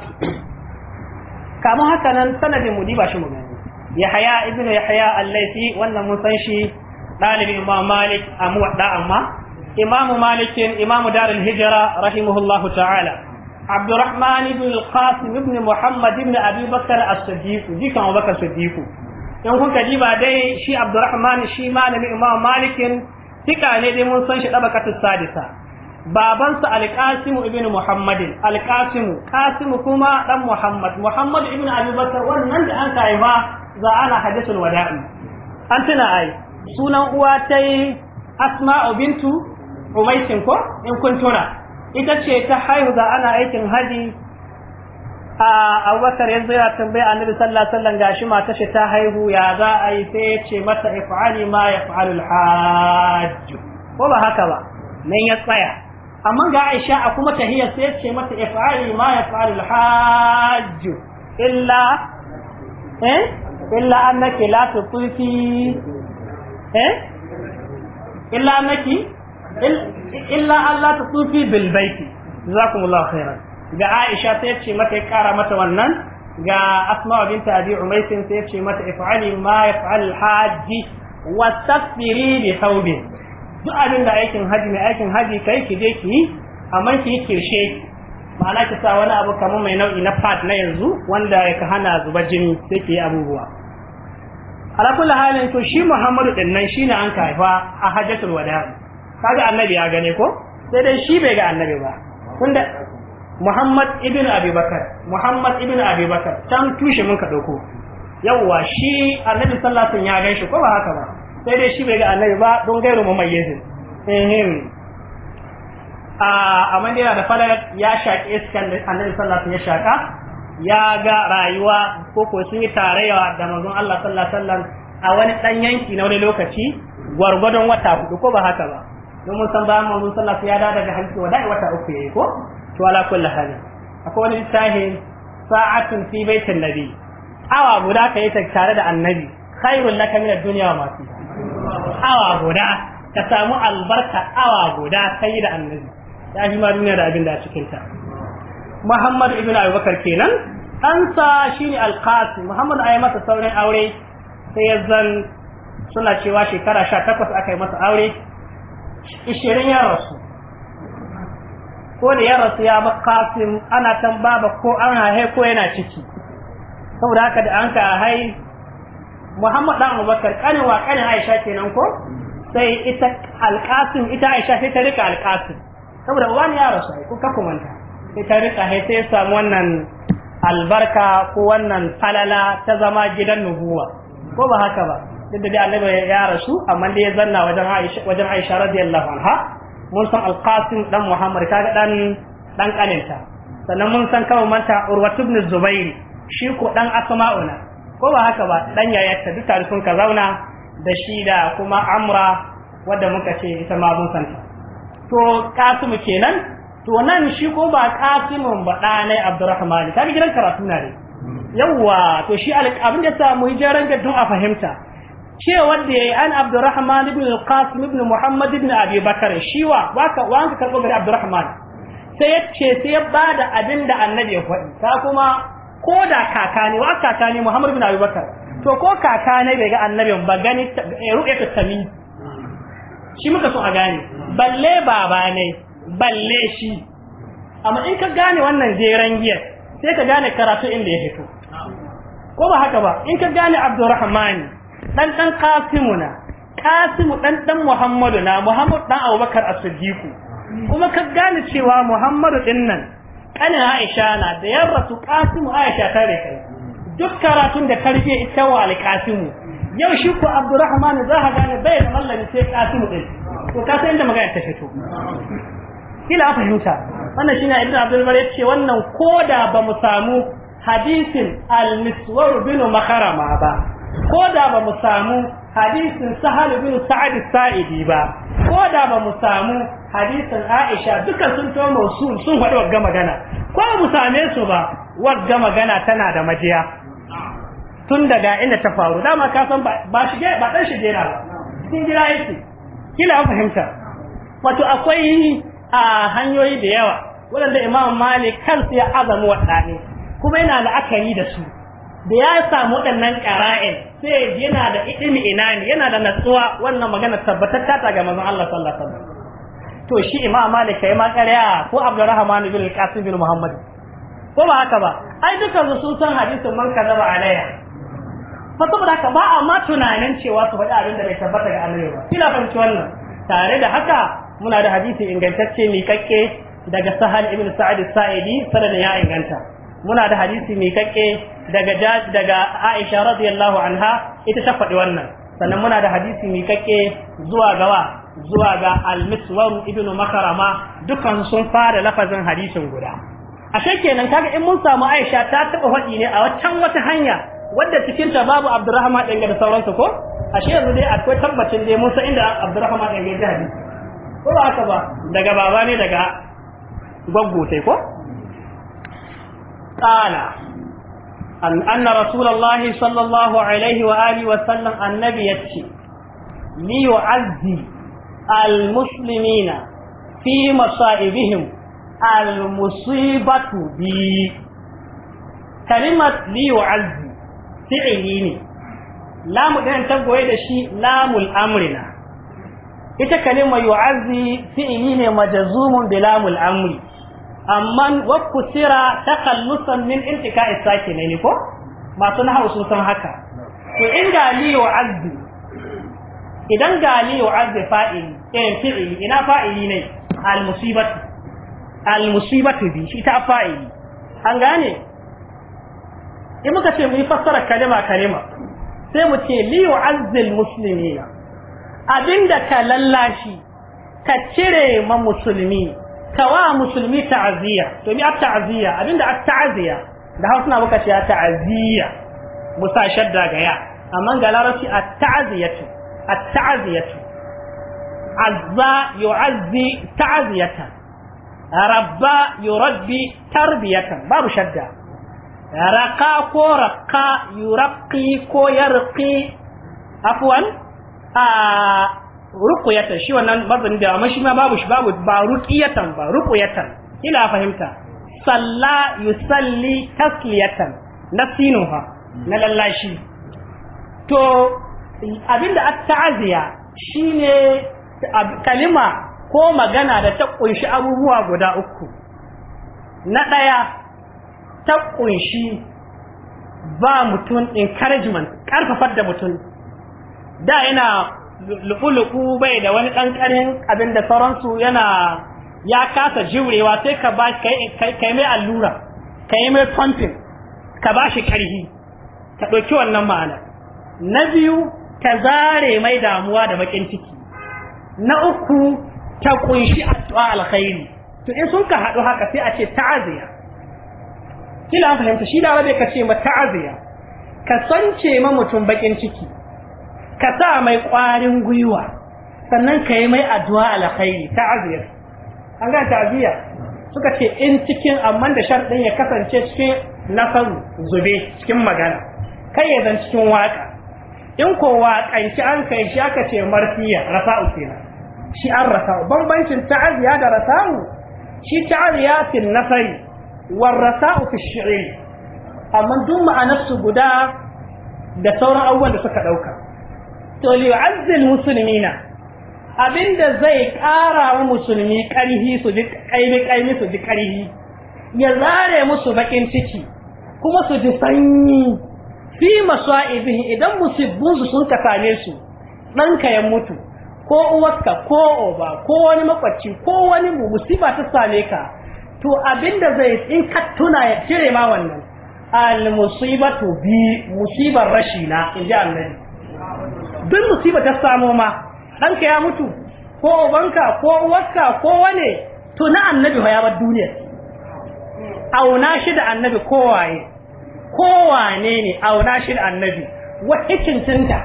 kama haka nan sanadin mu diba shi mu gani Yahya ibn Yahya al-Laythi wannan mun san shi dalibin Imam Malik a muwadda amma imamu malikin Imam Darul Hijra rahimahullahu ta'ala عبد الرحمن بن القاسم ibn محمد بن ابي بكر الصديق دي كان ابو بكر الصديق kun kaji ba dai shi Abdurrahman shi malami Imam Malik tika ne dai mun san shi dabaqatus sadisa babansa ibn ibnu muhammadin alqasimu qasimu kuma dan muhammad muhammad ibnu abubakar wannan da an kai ba za ana hadisul wada'i an tuna ai sunan uwa tai asma'u bintu umaisin ko in kun tuna ita ce ta haihu za ana aikin haji abubakar yanzu yana tambaya annabi sallallahu alaihi wasallam gashi mata ce ta haihu ya za a yi sai ya ce mata ma yaf'alul hajj ko ba haka ba nan ya tsaya amma ga Aisha a kuma tahiyar sai ce mata if'ali ma yaf'alul hajj illa eh illa annaki la tuqifi eh illa annaki illa Allah tuqifi bil baiti jazakumullahu khairan ga Aisha ta ce mata ya kara mata wannan ga Asma binta Abi Umays ta ce mata if'ali ma yaf'al haji wa tasbiri bi thawbi duk abin da aikin haji mai aikin haji kai ki je ki amma ki yi kirshe ma'ana ki sa wani abu kamar mai nau'i na pad na yanzu wanda ya ka hana zuba jini sai ki yi abubuwa ala kulli halin to shi Muhammadu din nan shine an kaifa a hajjatul wada kaga annabi ya gane ko sai dai shi bai ga annabi ba tunda Muhammad ibn Abi Bakar Muhammad ibn Abi Bakar can tushe mun ka dauko yawwa shi Annabi sallallahu alaihi wasallam ya gaishe ko ba haka ba sai dai shi bai ga Annabi ba don gairu mu mai yezin ehem a amma dai da fara ya shaki iskan da Annabi sallallahu alaihi wasallam ya shaka ya ga rayuwa ko ko sun yi tarayya da manzon Allah sallallahu alaihi wasallam a wani dan yanki na wani lokaci gwargwadon wata hudu ko ba haka ba don mun san ba manzon sallallahu alaihi wasallam ya da daga wa da'i wata uku yayi ko to ala kulli hali akwai wani littafin sa'atun fi baitin nabi awa guda ka yi tare da annabi khairul laka min ad-dunya wa ma fiha awa guda ka samu albarka awa guda kai da annabi ya fi ma duniya da abin da a cikin ta Muhammad ibn Abubakar kenan ɗansa shine Al-Qasim Muhammad ayi masa saurin aure sai ya zan suna cewa shekara 18 aka yi masa aure 20 ya rasu ko ne ya rasu ya makasin ana tan baba ko an hahe ko yana ciki saboda haka da an ka hai Muhammad dan Abubakar kanin wa kanin Aisha kenan ko sai ita alqasim ita Aisha sai ta rika alqasim saboda wani ya rasu ko ka kumanta sai ta rika hai sai samu wannan albarka ko wannan falala ta zama gidan nubuwa ko ba haka ba duk da annabi ya rasu amma dai ya zanna wajen Aisha wajen Aisha radiyallahu anha mun san alqasim ɗan muhammad kaga dan dan kaninta sannan mun san kawai manta urwatu ibn zubair shi ko dan asma'una ko ba haka ba dan yayarta duk tare sun ka zauna da shi da kuma amra wadda muka ce ita ma mun san ta to kasimu kenan to nan shi ko ba kasimun ba ɗanai abdurrahman ga gidan karatu na ne yawwa to shi abin da sa mu yi jaran a fahimta ce wanda yayi an Abdurrahman ibn al-Qasim ibn Muhammad ibn Abi Bakar shiwa waka wanka karbo gari Abdurrahman sai ya ce sai ya bada abin da Annabi ya faɗi ta kuma ko da kaka ne wa kaka ne Muhammad ibn Abi Bakar to ko kaka ne bai ga Annabi ba gani ru'yatu sami shi muka so a gane balle baba ne balle shi amma in ka gane wannan jeran giyar sai ka gane karatu inda ya fito ko ba haka ba in ka gane Abdurrahman dan dan na, kasimu dan muhammadu na muhammad dan abubakar as kuma ka gane cewa muhammadu din nan aisha na da yarra su kasimu aisha tare kai duk karatun da karfe ita wa al yau shi ko abdurrahman za ka gane bai da mallami sai kasimu din ko ka san inda magana ta fito kila yuta wannan shine ibnu abdul bari yace wannan koda ba mu samu hadisin al-miswar bin makarama ba ko da ba mu samu hadisin sahal bin sa'ad sa'idi ba ko da ba mu samu hadisin aisha duka sun to mausul sun faɗi wagga magana ko mu same su ba wagga magana tana da majiya tun daga inda ta faru dama ka san ba shige ba dan shige na ba sun jira yake kila fahimta wato akwai a hanyoyi da yawa wanda imam malik kan ya azamu waɗane kuma yana la'akari da su da ya samu waɗannan ƙara'in sai yana da ilimi ina ne yana da natsuwa wannan magana tabbatar ta ga manzon Allah sallallahu alaihi wasallam to shi imam malik kai ma ƙarya ko abdurrahman bin qasim bin muhammad ko ba haka ba ai dukkan su san hadisin man kadaba alaya fa saboda haka ba a ma tunanin cewa su faɗi abin da bai tabbata ga Allah ba kila fahimci wannan tare da haka muna da hadisi ingantacce miƙaƙƙe daga sahal ibn sa'id sa'idi sanadin ya inganta muna da hadisi mai kakke daga daga Aisha radiyallahu anha ita ta faɗi wannan sannan muna da hadisi mai kakke zuwa gawa zuwa ga al-Miswar ibn Makarama dukan sun fara lafazin hadisin guda ashe kenan kaga in mun samu Aisha ta taba faɗi ne a wancan wata hanya wadda cikin ta babu Abdurrahman din da sauransu ko ashe yanzu dai akwai tabbacin dai mun san inda Abdurrahman dan ya hadisi ko ba haka ba daga baba ne daga gwaggo sai ko قال أن أن رسول الله صلى الله عليه وآله وسلم النبي يتشي ليعزي المسلمين في مصائبهم المصيبة بي كلمة ليعزي فعليني لام دين تبقى da shi lamul amrina ita kalimar yu'azzi fi'ili ne majazumun bi lamul amri amma wa kusira takallusan min irtika'i ne ko masu nahawu sun san haka to in gali wa azbi idan gali wa azbi fa'ili eh fi'ili ina fa'ili ne al musibatu al musibatu bi shi ta fa'ili an gane in muka ce mu yi fassara kalima kalima sai mu ce li wa azzil muslimina abinda ka lallashi ka cire ma musulmi kawa musulmi ta'aziyya to bi ta'aziyya abinda at ta'aziyya da hausa na muka cewa ta'aziyya musa shadda ga ya amma ga larabci at ta'aziyatu azza yu'azzi ta'aziyatan rabba yurabbi tarbiyatan babu shadda raka ko raka yuraqi ko yarqi afwan a ruqyatan shi wannan mazani da amma shi ma babu shi babu ba ruqyatan ba ruqyatan ila fahimta salla yusalli tasliyatan nasinuha na lallashi to abinda at-ta'ziya shine kalima ko magana da ta kunshi abubuwa guda uku na daya ta kunshi ba mutum encouragement karfafar da mutum da yana lukuluku bai da wani ɗan ƙarin abin da sauransu yana ya kasa jiurewa sai ka ba kai mai allura ka yi mai pumping ka ba shi ƙarfi ka ɗauki wannan ma'ana na biyu ka zare mai damuwa da bakin ciki na uku ta kunshi addu'a alkhairi to in sun ka haɗu haka sai a ce ta'aziya kila an fahimta shi da rabe ka ce ma ta'aziya ka sance ma mutum bakin ciki ka sa mai ƙwarin gwiwa sannan ka yi mai addu'a ta ta'aziyar an ga ta'aziyya suka ce in cikin amma da sharɗin ya kasance cikin nasaru zube cikin magana kai ya zan cikin waƙa. in ko waƙanci an kai shi aka ce marfiya rasa'u kenan shi an rasa'u bambancin ta'aziya da rasa'u shi ta'aziya fi nasari war rasa'u fi shi'ri amma duk ma'anar su guda da sauran abubuwan da suka ɗauka to liyu'azzil muslimina abinda zai ƙara wa musulmi karhi su ji su ji karhi ya zare musu bakin ciki kuma su ji sanyi fi masaibihi idan musibbun su sun kasane su ka ya mutu ko uwarka ko oba ko wani makwacci ko wani musiba ta same ka to abinda zai in ka tuna ya cire ma wannan al musibatu bi musibar rashina in ji annabi duk musiba ta samo ma ɗanka ya mutu ko ubanka ko uwarka ko wane to na annabi ya bar duniya auna shi da annabi kowaye kowane ne auna shi da annabi wata cincinta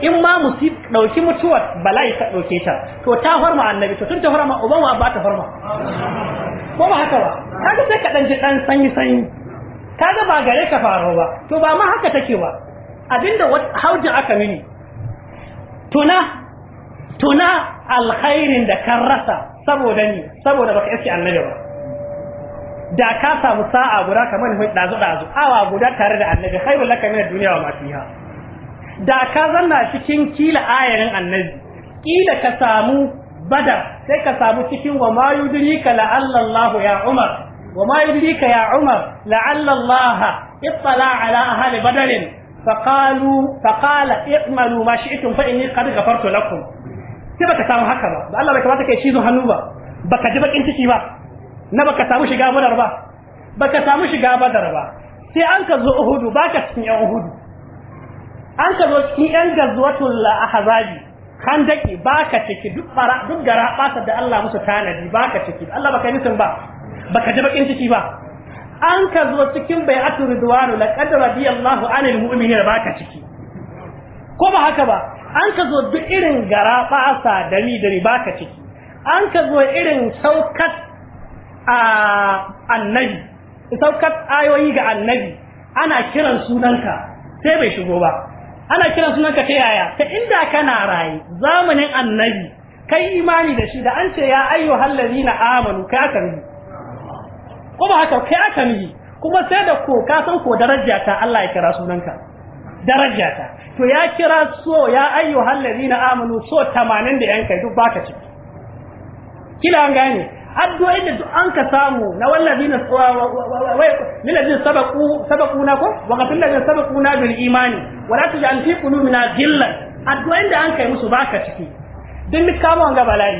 in ma musib dauki mutuwar bala'i ka ɗauke ta to ta farma annabi to tun ta farma uban wa ba ta farma ko ba haka ba kaga sai ka dan ji dan sanyi sanyi kaga ba gare ka faro ba to ba ma haka take ba abinda haujin aka mini tuna tuna alkhairin da kan rasa saboda ni saboda baka iske annabi ba da ka samu sa'a guda kamar ni dazu dazu awa guda tare da annabi khairul laka min ad-dunya wa ma fiha da ka zanna cikin kila ayarin annabi kila ka samu badar sai ka samu cikin wa ma yudrika la'alla Allah ya Umar wa ma yudrika ya Umar la'alla Allah ittala ala ahli badarin faqalu faqala i'malu ma shi'tum fa inni qad ghafartu lakum sai baka samu haka ba da Allah bai kamata kai cizo hannu ba baka ji bakin ciki ba na baka samu shiga badar ba baka samu shiga badar ba sai an ka zo uhudu baka cikin yan uhudu an ka zo cikin yan baka ciki duk bara duk gara da Allah musu tanadi baka ciki Allah baka nisan ba baka ji bakin ciki ba an ka zo cikin bai atu ridwanu laqad radiyallahu anil da baka ciki ko ba haka ba an ka zo duk irin gara fasa dari dari baka ciki an ka zo irin saukat a annabi saukat ayoyi ga annabi ana kiran sunanka sai bai shigo ba ana kiran sunanka ta yaya ta inda kana raye zamanin annabi kai imani da shi da an ce ya ayyuhal ladina amanu ka karbi Kuma haka kai aka miji kuma sai da ko ka san ko daraja ta Allah ya kira sunanka daraja ta to ya kira so ya ayyuhal ladina amanu so 80 da yanka duk baka ci kila an gane addu'a da duk an ka samu na wallazina sabaku sabaku na ko wa qatil sabaku na bil imani wa la tuj'al fi qulubina ghillan addu'a da an kai musu baka ciki din kama gaba lai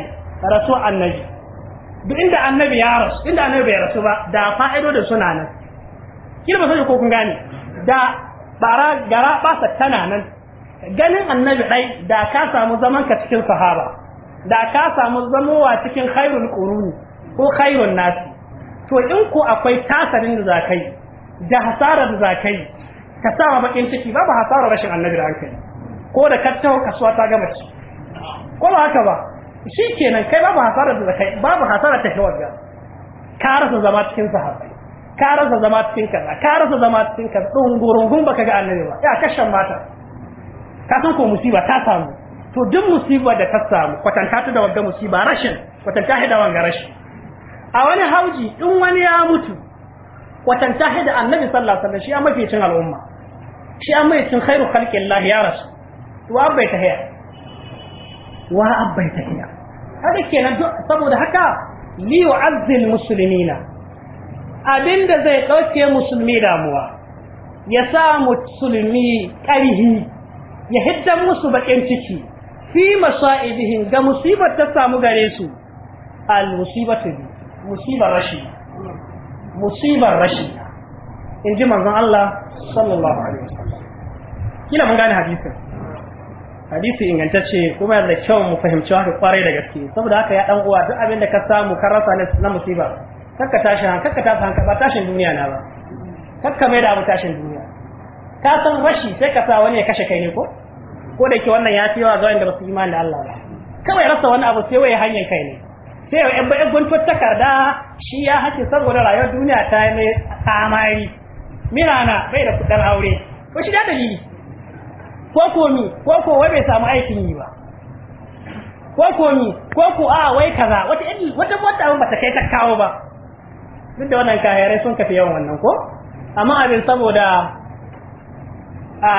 rasul annabi duk inda annabi ya rasu inda annabi bai rasu ba da fa'idodin suna nan Kin ba sai ko kun gane da bara gara basa tana nan ganin annabi dai da ka samu zaman ka cikin sahaba da ka samu zamowa cikin khairul quruni ko khairun nasi to in ko akwai tasarin da zakai da hasarar da zakai ka sa bakin ciki babu hasarar rashin annabi da hankali ko da ka tawo kasuwa ta gama ci ko ba haka ba shi kenan kai babu hasarar da kai babu hasarar ta shawar ga ka rasa zama cikin sahabbai ka rasa zama cikin kaza ka rasa zama cikin kaza dungurungun baka ga annabi ba ya kashan mata ka san ko musiba ta samu to duk musiba da ta samu kwatanta ta da wanda musiba rashin kwatanta da wanga rashin a wani hauji in wani ya mutu kwatanta da annabi sallallahu alaihi wasallam shi a mafi cin al'umma shi a mai cin khairu khalqillah ya rasu to abai ta haya wa abai ta haya kada kenan saboda haka li yu'azzil muslimina abinda zai dauke musulmi damuwa ya sa musulmi karihi ya hiddan musu bakin ciki fi masaibihim ga musibar ta samu gare su al musibatu musibar rashi musibar rashi Inji ji manzon Allah sallallahu alaihi wasallam Kina mun gane hadisin hadisi ingantacce kuma da kyau mu fahimci haka kwarai da gaske saboda haka ya dan uwa duk abin da ka samu ka rasa na musiba kakka tashi han kakka tashi han ba tashin duniya na ba kakka mai da abu tashin duniya ka san rashi sai ka sa wani ya kashe kai ne ko ko da ke wannan ya fi yawa ga wanda ba su imani da Allah ba kawai rasa wani abu sai waye hanyar kai ne sai ya yan bayan takarda shi ya hace saboda rayuwar duniya ta yi mai tsamari mirana bai da kudin aure ko shi da dalili ko ko ni ko ko wai bai samu aikin yi ba ko ko ni ko ko a wai kaza wata irin wata mota ba ta kai ta kawo ba duk da wannan kayarai sun kafi yawan wannan ko amma abin saboda a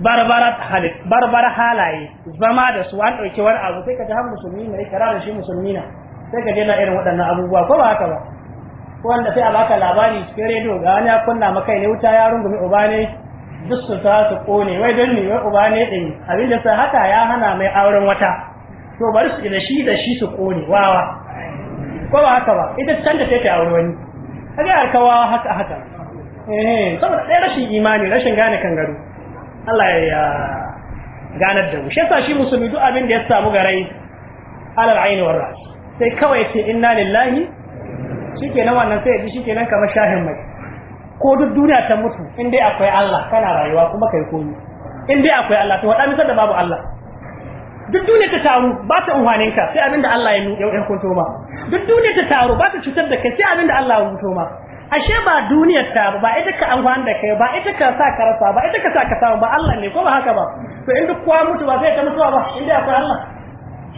barbara halaye zama da su an dauki wani abu sai ka ji har musulmi ne ikira da shi musulmi na sai ka ji na irin waɗannan abubuwa ko ba haka ba ko wanda sai a baka labari cikin rediyo ga wani ya kunna maka ne wuta ya rungumi uba ne duk su ta su kone wai don ne wai uba ne din abin da sa haka ya hana mai auren wata to bari su da shi da shi su kone wawa ko ba haka ba ita can da ta ta aure wani kaga alkawa haka haka eh saboda ɗaya rashin imani rashin gane kan garu, Allah ya ganar da mu shi yasa shi musulmi duk abin da ya samu garai alal aini war ra'i sai kawai ce inna lillahi shikenan wannan sai ya ji shikenan kamar shahin mai ko duk duniya ta mutu in dai akwai Allah kana rayuwa kuma kai komi in dai akwai Allah to wadannan da babu Allah duk duniya ta taru ba ta umhanin ka sai abinda Allah ya ya kunto ma duk duniya ta taru ba ta cutar da kai sai abinda Allah ya nuna ma ashe ba duniya ta ba ita ka amfani da kai ba ita ka sa ka rasa ba ita ka sa ka samu ba Allah ne ko ba haka ba to in duk kowa mutu ba sai ta mutuwa ba in dai akwai Allah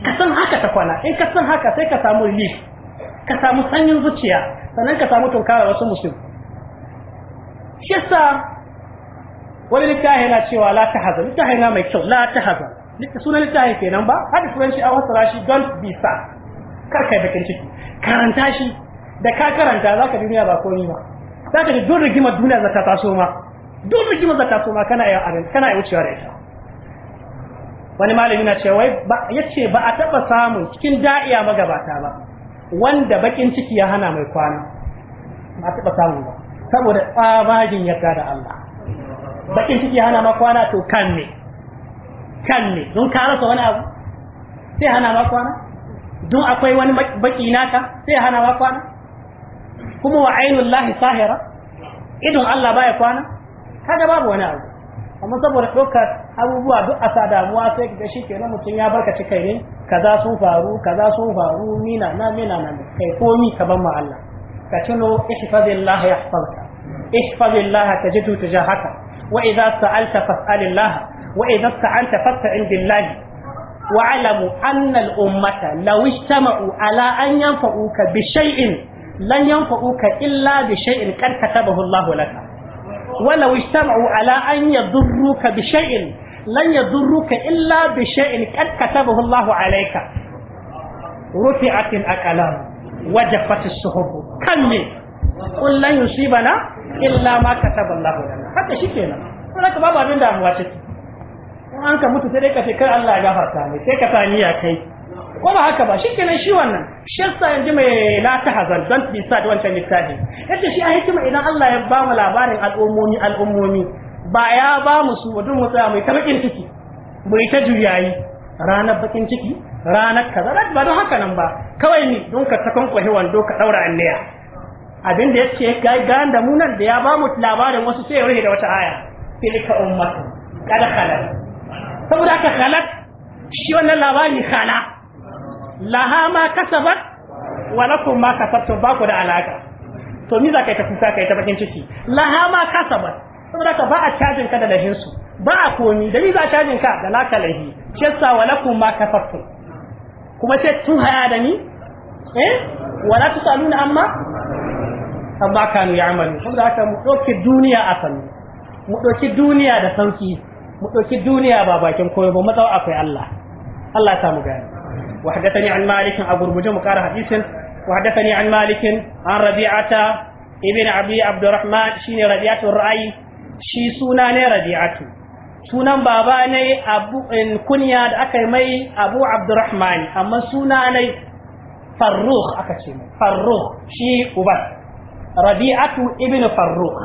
ka san haka ta kwana in ka san haka sai ka samu relief ka samu sanyin zuciya sannan ka samu tunkara wasu musulmi shi yasa wani littafi yana cewa la ta hazan littafi yana mai kyau la ta hazan sunan littafi kenan ba hada turanci a wasu rashi don be sad kar kai bakin ciki karanta shi da ka karanta za ka duniya ba komi ba za ka ji don rigimar duniya za ta taso ma don rigimar za ta taso ma kana yi kana wucewa da ita wani malami na cewa ya ce ba a taɓa samun cikin da'iya magabata ba wanda bakin ciki ya hana mai kwana ba a taɓa samun ba saboda tsabagen yarda da Allah bakin ciki hana ma kwana to kan ne kan ne don ka rasa wani abu sai hana ma kwana don akwai wani baki naka sai hana ma kwana kuma wa ainul lahi sahira idon Allah baya kwana kaga babu wani abu amma saboda ɗaukar abubuwa duk a sa damuwa sai ga shi kenan mutum ya barkaci kai ne kaza sun faru kaza sun faru mina na mina na kai komi ka ban ma Allah ka tuno ihfazillah yahfazka احفظ الله تجده تجاهك وإذا سألت فاسأل الله وإذا استعنت فاستعن بالله واعلموا أن الأمة لو اجتمعوا على أن ينفعوك بشيء لن ينفعوك إلا بشيء قد كتبه الله لك ولو اجتمعوا على أن يضروك بشيء لن يضروك إلا بشيء قد كتبه الله عليك رفعت الأقلام وجفت الصحف كم قل لن يصيبنا illa ma kataba Allahu lana haka shikenan to haka babu abin damuwa take in an ka mutu sai dai ka ce kar Allah ya gafarta ne sai ka saniya kai ko ba haka ba shikenan shi wannan shi yasa yanzu mai la ta hazan don bi sa da wancan littafi yace shi a hikima idan Allah ya ba labarin al'ummomi al'ummomi ba ya ba mu su wadun mu mai ta ciki mai ta juyayi ranar bakin ciki ranar kaza ba don haka nan ba kawai ni don ka ta kwankwahi wando ka daura anniya abin da ya ga gan da munan da ya ba mu labarin wasu sai ya rufe da wata aya tilka ummatu kada khalat saboda ka khalat shi wannan labari khala laha ma kasabat wa lakum ma kasabtu ba ku da alaka to ni za ka yi ta ka yi ta bakin ciki laha ma kasabat saboda ka ba a cajin ka da lahin su ba a komi da ni za a cajin ka da laka lahi shi wa lakum ma kasabtu kuma sai tun haya da ni eh wala tusaluna amma an ba kanu ya amalu saboda haka mu ɗauki duniya a sannu mu ɗauki duniya da sauki mu ɗauki duniya ba bakin koyo ba matsawa akwai Allah Allah ta mu gani wa haddathani an malikin a gurguje mu kara hadisin wa haddathani an malikin an rabi'ata ibn abi abdurrahman shine rabi'atu ra'i shi suna ne rabi'atu sunan baba ne abu in kunya da aka mai abu abdurrahman amma suna ne farrukh aka ce farrukh shi uban rabi'atu ibn farrukh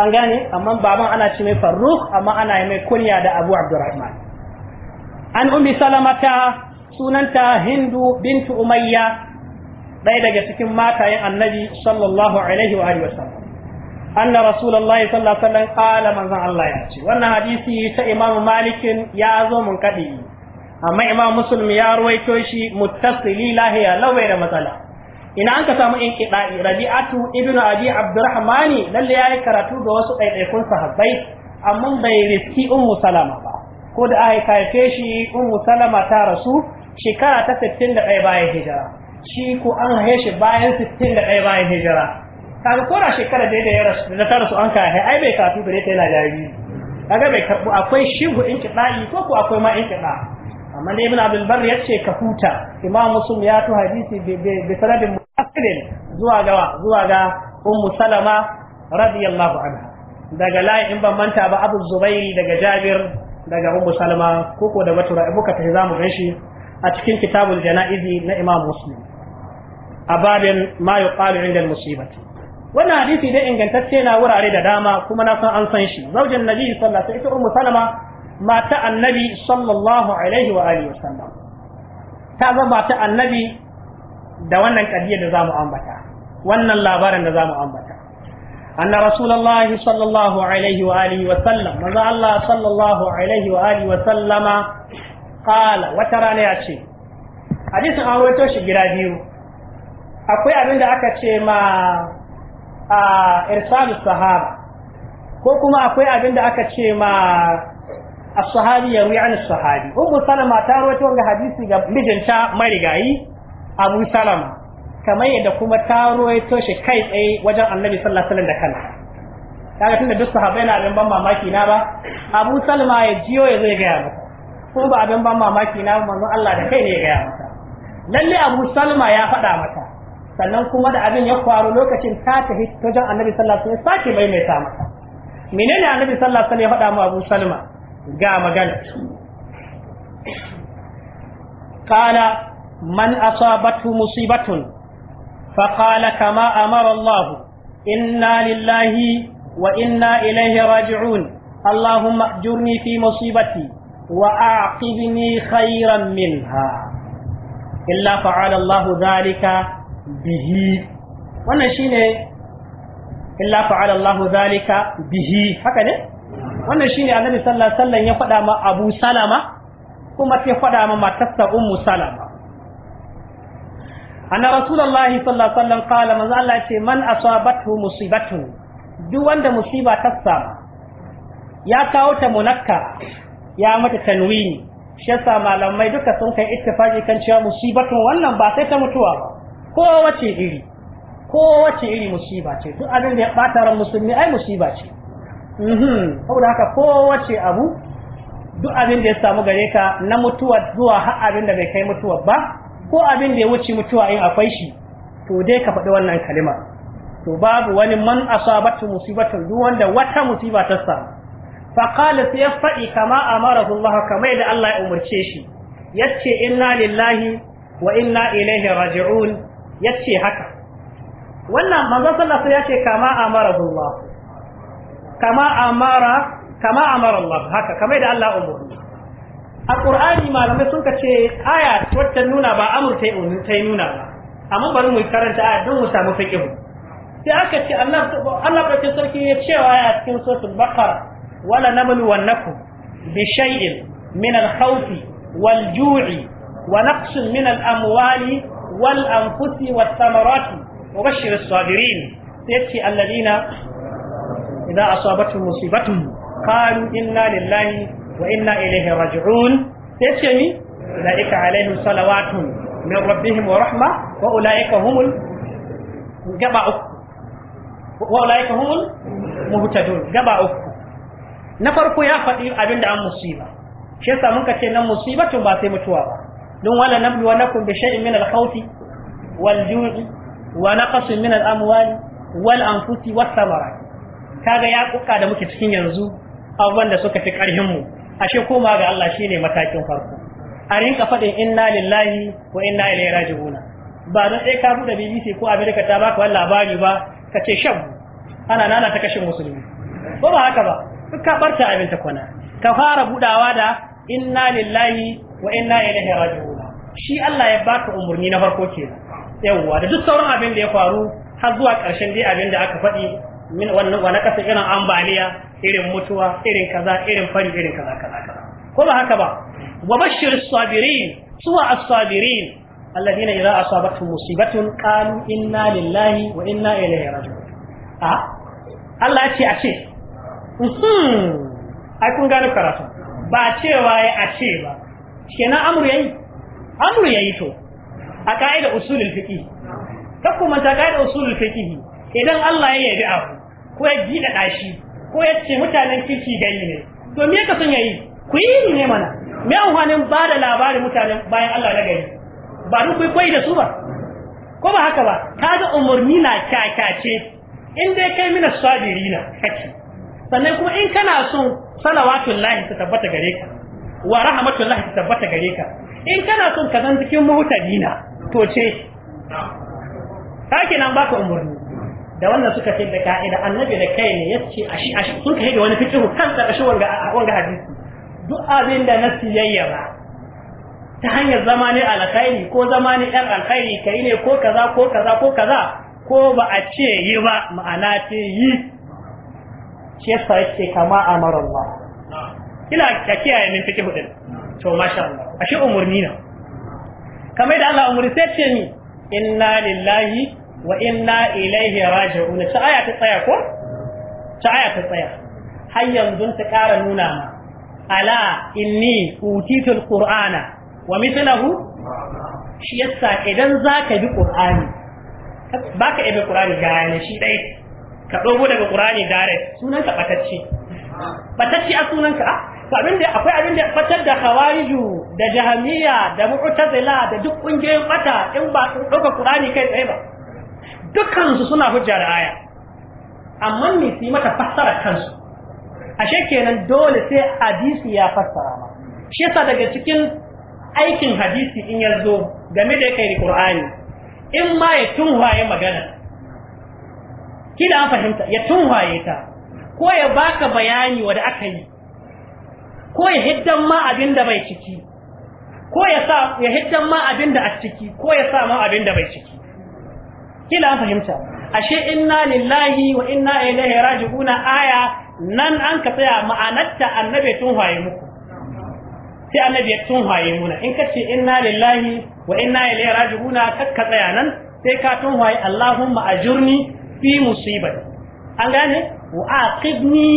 an gane amma baban ana ce mai farrukh amma ana mai kunya da abu abdurrahman an ummi salamata sunanta hindu bintu umayya ɗaya daga cikin matayen annabi sallallahu alaihi wa alihi wasallam anna rasulullahi sallallahu alaihi wasallam qala manzon Allah ya ce wannan hadisi ta imamu malikin ya zo mun kadi amma imam muslim ya ruwaito shi muttasili lahiya lawai da matsala ina an ka samu in kiɗa'i rabi'atu ibn abi abdurrahman lalle yayi karatu ga wasu ɗaiɗaikun sahabbai amma bai riski ummu salama ba ko da aka haife shi ummu salama ta rasu shekara ta 61 bayan hijira shi ko an haye shi bayan 61 bayan hijira kaga kora shekara da ya rasu da ta rasu an kai ai bai karatu bare ta yana jariri kaga bai karbu akwai shi in kiɗa'i ko ko akwai ma in kiɗa'i amma dai ibn abdul bar ka huta imam muslim ya to hadisi bi sanadin mutasilin zuwa ga zuwa ga ummu salama radiyallahu anha daga layi in ban manta ba abu zubairi daga jabir daga ummu salama koko da wata muka tafi zamu ganshi a cikin kitabul janaizi na imam muslim a babin ma yuqalu inda musibati wannan hadisi dai ingantacce na wurare da dama kuma na san an san shi zaujin nabi sallallahu alaihi wasallam mata annabi sallallahu alaihi wa alihi wasallam ta zama ta annabi da wannan kadiyar da zamu ambata wannan labarin da zamu ambata anna rasulullah sallallahu alaihi wa alihi wa sallam Maza Allah sallallahu alaihi wa alihi wa sallama qala wata rana ya ce hadisin an rawaito shi gida biyu akwai abin da aka ce ma a irsalus sahaba ko kuma akwai abin da aka ce ma as-sahabi yawi an as-sahabi ummu salama ta rawaito ga hadisi ga mijinta marigayi abu salama kamar yadda kuma ta rawaito shi kai tsaye wajen annabi sallallahu alaihi wasallam da kansa kaga tunda duk sahabbai na abin ban mamaki na ba abu Salma ya jiyo ya zai gaya masa ko ba abin ban mamaki na ba manzon Allah da kai ne ya gaya masa lalle abu Salma ya faɗa mata sannan kuma da abin ya faru lokacin ta tafi wajen annabi sallallahu alaihi wasallam sake maimaita mata menene annabi sallallahu alaihi wasallam ya faɗa mu abu Salma? ga magana qala man asabatu musibatun fa qala kama amara Allah inna lillahi wa inna ilaihi raji'un Allahumma ajurni fi musibati wa aqibni khairan minha illa fa'ala Allah dhalika bihi wannan shine illa fa'ala Allah dhalika bihi haka ne wannan ne annabi sallallahu alaihi wasallam ya faɗa ma Abu Salama kuma sai faɗa ma matarsa Ummu Salama anna rasulullahi sallallahu alaihi wasallam qala manzo Allah ce man asabathu musibatu duk wanda musiba ta samu ya kawo ta munakka ya mata tanwini shi yasa malamai duka sun kai ittifaqi kan cewa musibatu. wannan ba sai ta mutuwa ba ko wace iri ko wace iri musiba ce duk abin da ya bata ran musulmi ai musiba ce Mhm. saboda haka kowace abu duk abin da ya samu gare ka na mutuwa zuwa har abin da bai kai mutuwa ba ko abin da ya wuce mutuwa in akwai shi to dai ka faɗi wannan kalima to babu wani man asabatu musibatun duk wanda wata musiba ta samu fa qala sai faɗi kama amarahu Allah kama yadda Allah ya umurce shi yace inna lillahi wa inna ilaihi raji'un yace haka wannan manzo sallallahu alaihi wasallam yace kama amarahu Allah kama amara kama amara Allah haka kamar da Allah umurni a Qur'ani malamai sun ce aya wacce nuna ba amurta yi unin nuna ba amma bari mu karanta aya don mu samu fiqh sai aka ce Allah Allah ba sarki ya ce aya cikin suratul baqara wala nablu wannakum bi shay'in min al-khawf wal-ju'i wa naqsin min al-amwali wal-anfusi was-samarati wa bashshir as-sabirin sai ce alladina idza asabatu musibatun qalu inna lillahi wa inna ilaihi raji'un sai ce ni ulaika alaihim salawatun min rabbihim wa rahma wa ulaika humul gaba uku wa ulaika humul muhtadun gaba uku na farko ya faɗi abinda an musiba shi yasa muka ce nan musibatun ba sai mutuwa ba don wala nablu wa nakum bi shay'in min al-khawfi wal ju'i wa naqsin min al-amwali wal anfusi was thamarat kaga ya kuka da muke cikin yanzu abubuwan da suka fi karhin mu ashe koma ga Allah shine matakin farko a rinka faɗin inna lillahi wa inna ilaihi raji'una ba don sai ka buɗe BBC ko America ta baka wani labari ba ka ce shan ana nana ta kashin musulmi ko ba haka ba duk ka barta abin ta kwana ka fara budawa da inna lillahi wa inna ilaihi raji'una shi Allah ya baka umurni na farko kenan yawwa da duk sauran abin da ya faru har zuwa ƙarshen dai abin da aka faɗi min wannan wa irin ambaliya irin mutuwa irin kaza irin fari irin kaza kaza kaza ko ba haka ba wa bashir as-sabirin suwa as-sabirin alladhina idza asabatuhum musibatun qalu inna lillahi wa inna ilayhi raji'un a Allah ya ce a ce uhm, ai kun gano karatu ba cewa ya ce ba kenan amru yayi amru to a ka'ida ka'ida idan Allah ya ko ya gida dashi ko ya ce mutanen kirki gani ne to me ka son yayi ku yi ne mana me amfanin ba da labarin mutanen bayan Allah na gari ba duk kai kai da su ba ko ba haka ba kaga umurni na kakace in dai kai mina sabirina kake sannan kuma in kana son lahi ta tabbata gare ka wa lahi ta tabbata gare ka in kana son ka zan cikin muhtadina to ce kake nan baka umurni da wannan suka ce da ka'ida annabi da kai ne yace ashi ashi sun kai da wani fikihu kan karkashin wanga wanga hadisi duk abin da nasi ba. ta hanyar zama ne alkhairi ko zama ne ɗan alkhairi kai ne ko kaza ko kaza ko kaza ko ba a ce yi ba ma'ana ce yi shi yasa yake kama amara Allah kila ka kiyaye min fikihu din to masha Allah ashe umurni na kamar da Allah umurni sai ce ni inna lillahi wa inna ilaihi raji'un ta aya ta tsaya ko ta aya ta tsaya har yanzu ta ƙara nuna ma ala inni utitul qur'ana wa mithluhu shi yasa idan zaka bi qur'ani baka ibe qur'ani ga ne shi dai ka dogo daga qur'ani direct sunan ka Batacce batacce a sunan ka ah, to abin da akwai abin da fatar da khawariju da jahamiya da mu'tazila da duk kungiyoyin fata in ba ku dauka qur'ani kai tsaye ba dukansu suna hujja da aya amma ne su yi mata fassara kansu ashe kenan dole sai hadisi ya fassara ma shi yasa daga cikin aikin hadisi in ya zo game da kai Qur'ani in ma ya tunwaye magana kila an fahimta ya tunwaye ta ko ya baka bayani wanda aka yi ko ya hiddan ma abinda bai ciki ko ya sa ya hiddan ma abinda a ciki ko ya sa ma abinda bai ciki kila an fahimta ashe inna lillahi wa inna ilaihi raji'una aya nan an ka tsaya ma'anarta annabi tun waye muku sai annabi ya tun waye muna in ka ce inna lillahi wa inna ilaihi raji'una kakka tsaya nan sai ka tun waye allahumma ajurni fi musibati an gane wa aqibni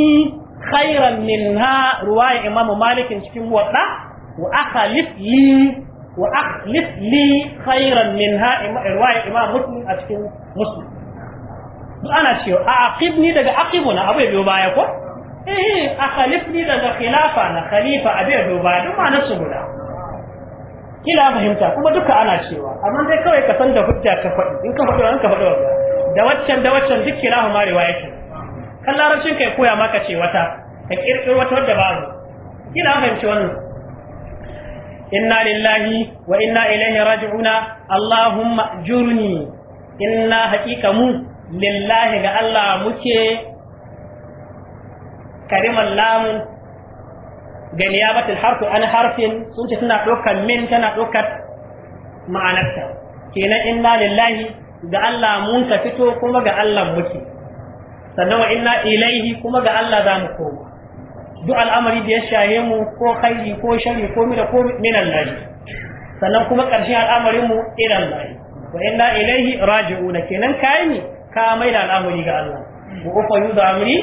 khairan minha ruwaya imam malik cikin wadda wa akhlif li wa akhlif li khairan minha riwaya imam muslim a cikin muslim duk ana cewa a aqibni daga aqibuna abu ya biyo baya ko eh akhlif ni daga khilafa na khalifa abu ya biyo baya duk ma na guda kila fahimta kuma duka ana cewa amma dai kawai ka san da hujja ka faɗi in ka faɗi wannan ka faɗi wannan da waccan da waccan duk kilahu ma riwayatin kan larabcin kai koya maka ce wata ka kirkiro wata wadda babu kila fahimci wannan inna lillahi wa inna ilaihi raji'una allahumma jurni inna haqiqa mu lillahi ga Allah muke karimar lamun ga niyabatul harfi an harfin sun ce ɗaukar min tana ɗaukar ma'anarta kenan inna lillahi ga Allah mun ka fito kuma ga Allah muke sannan wa inna kuma ga Allah zamu koma duk al'amari da ya shaye mu ko khairi ko shari ko mira ko sannan kuma ƙarshen al'amarin mu ila Allah wa inna ilaihi raji'una kenan kai ne ka mai da al'amari ga Allah wa ufa amri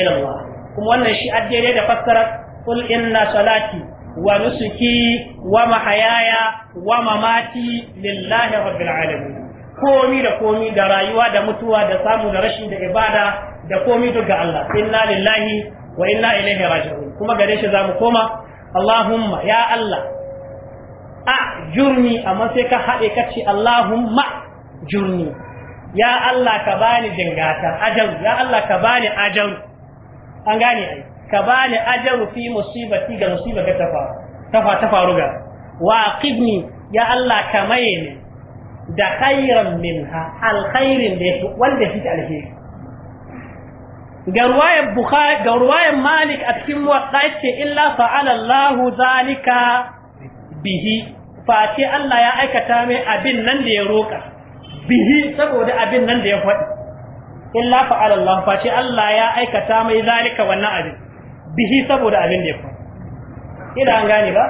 ila Allah kuma wannan shi addai da fassara qul inna salati wa nusuki wa mahayaya wa mamati lillahi rabbil alamin komi da komi da rayuwa da mutuwa da samu da rashin da ibada da komi duk ga Allah inna lillahi wa inna ilaihi raji'un kuma gare shi zamu koma Allahumma ya Allah a jurni amma sai ka haɗe ka ce Allahumma jurni ya Allah ka bani dingata ajaru ya Allah ka bani ajaru an gane ai ka bani ajaru fi musibati ga musiba ga tafa tafa ta faru ga wa qibni ya Allah ka maye ni da khairan minha alkhairin da wanda shi alheri ga ruwayan malik a cikin muwadda yace illa fa'ala zalika bihi face Allah ya aikata mai abin nan da ya roƙa bihi saboda abin nan da ya faɗi illa fa'ala face Allah ya aikata mai zalika wannan abin bihi saboda abin da ya faɗi ina an gane ba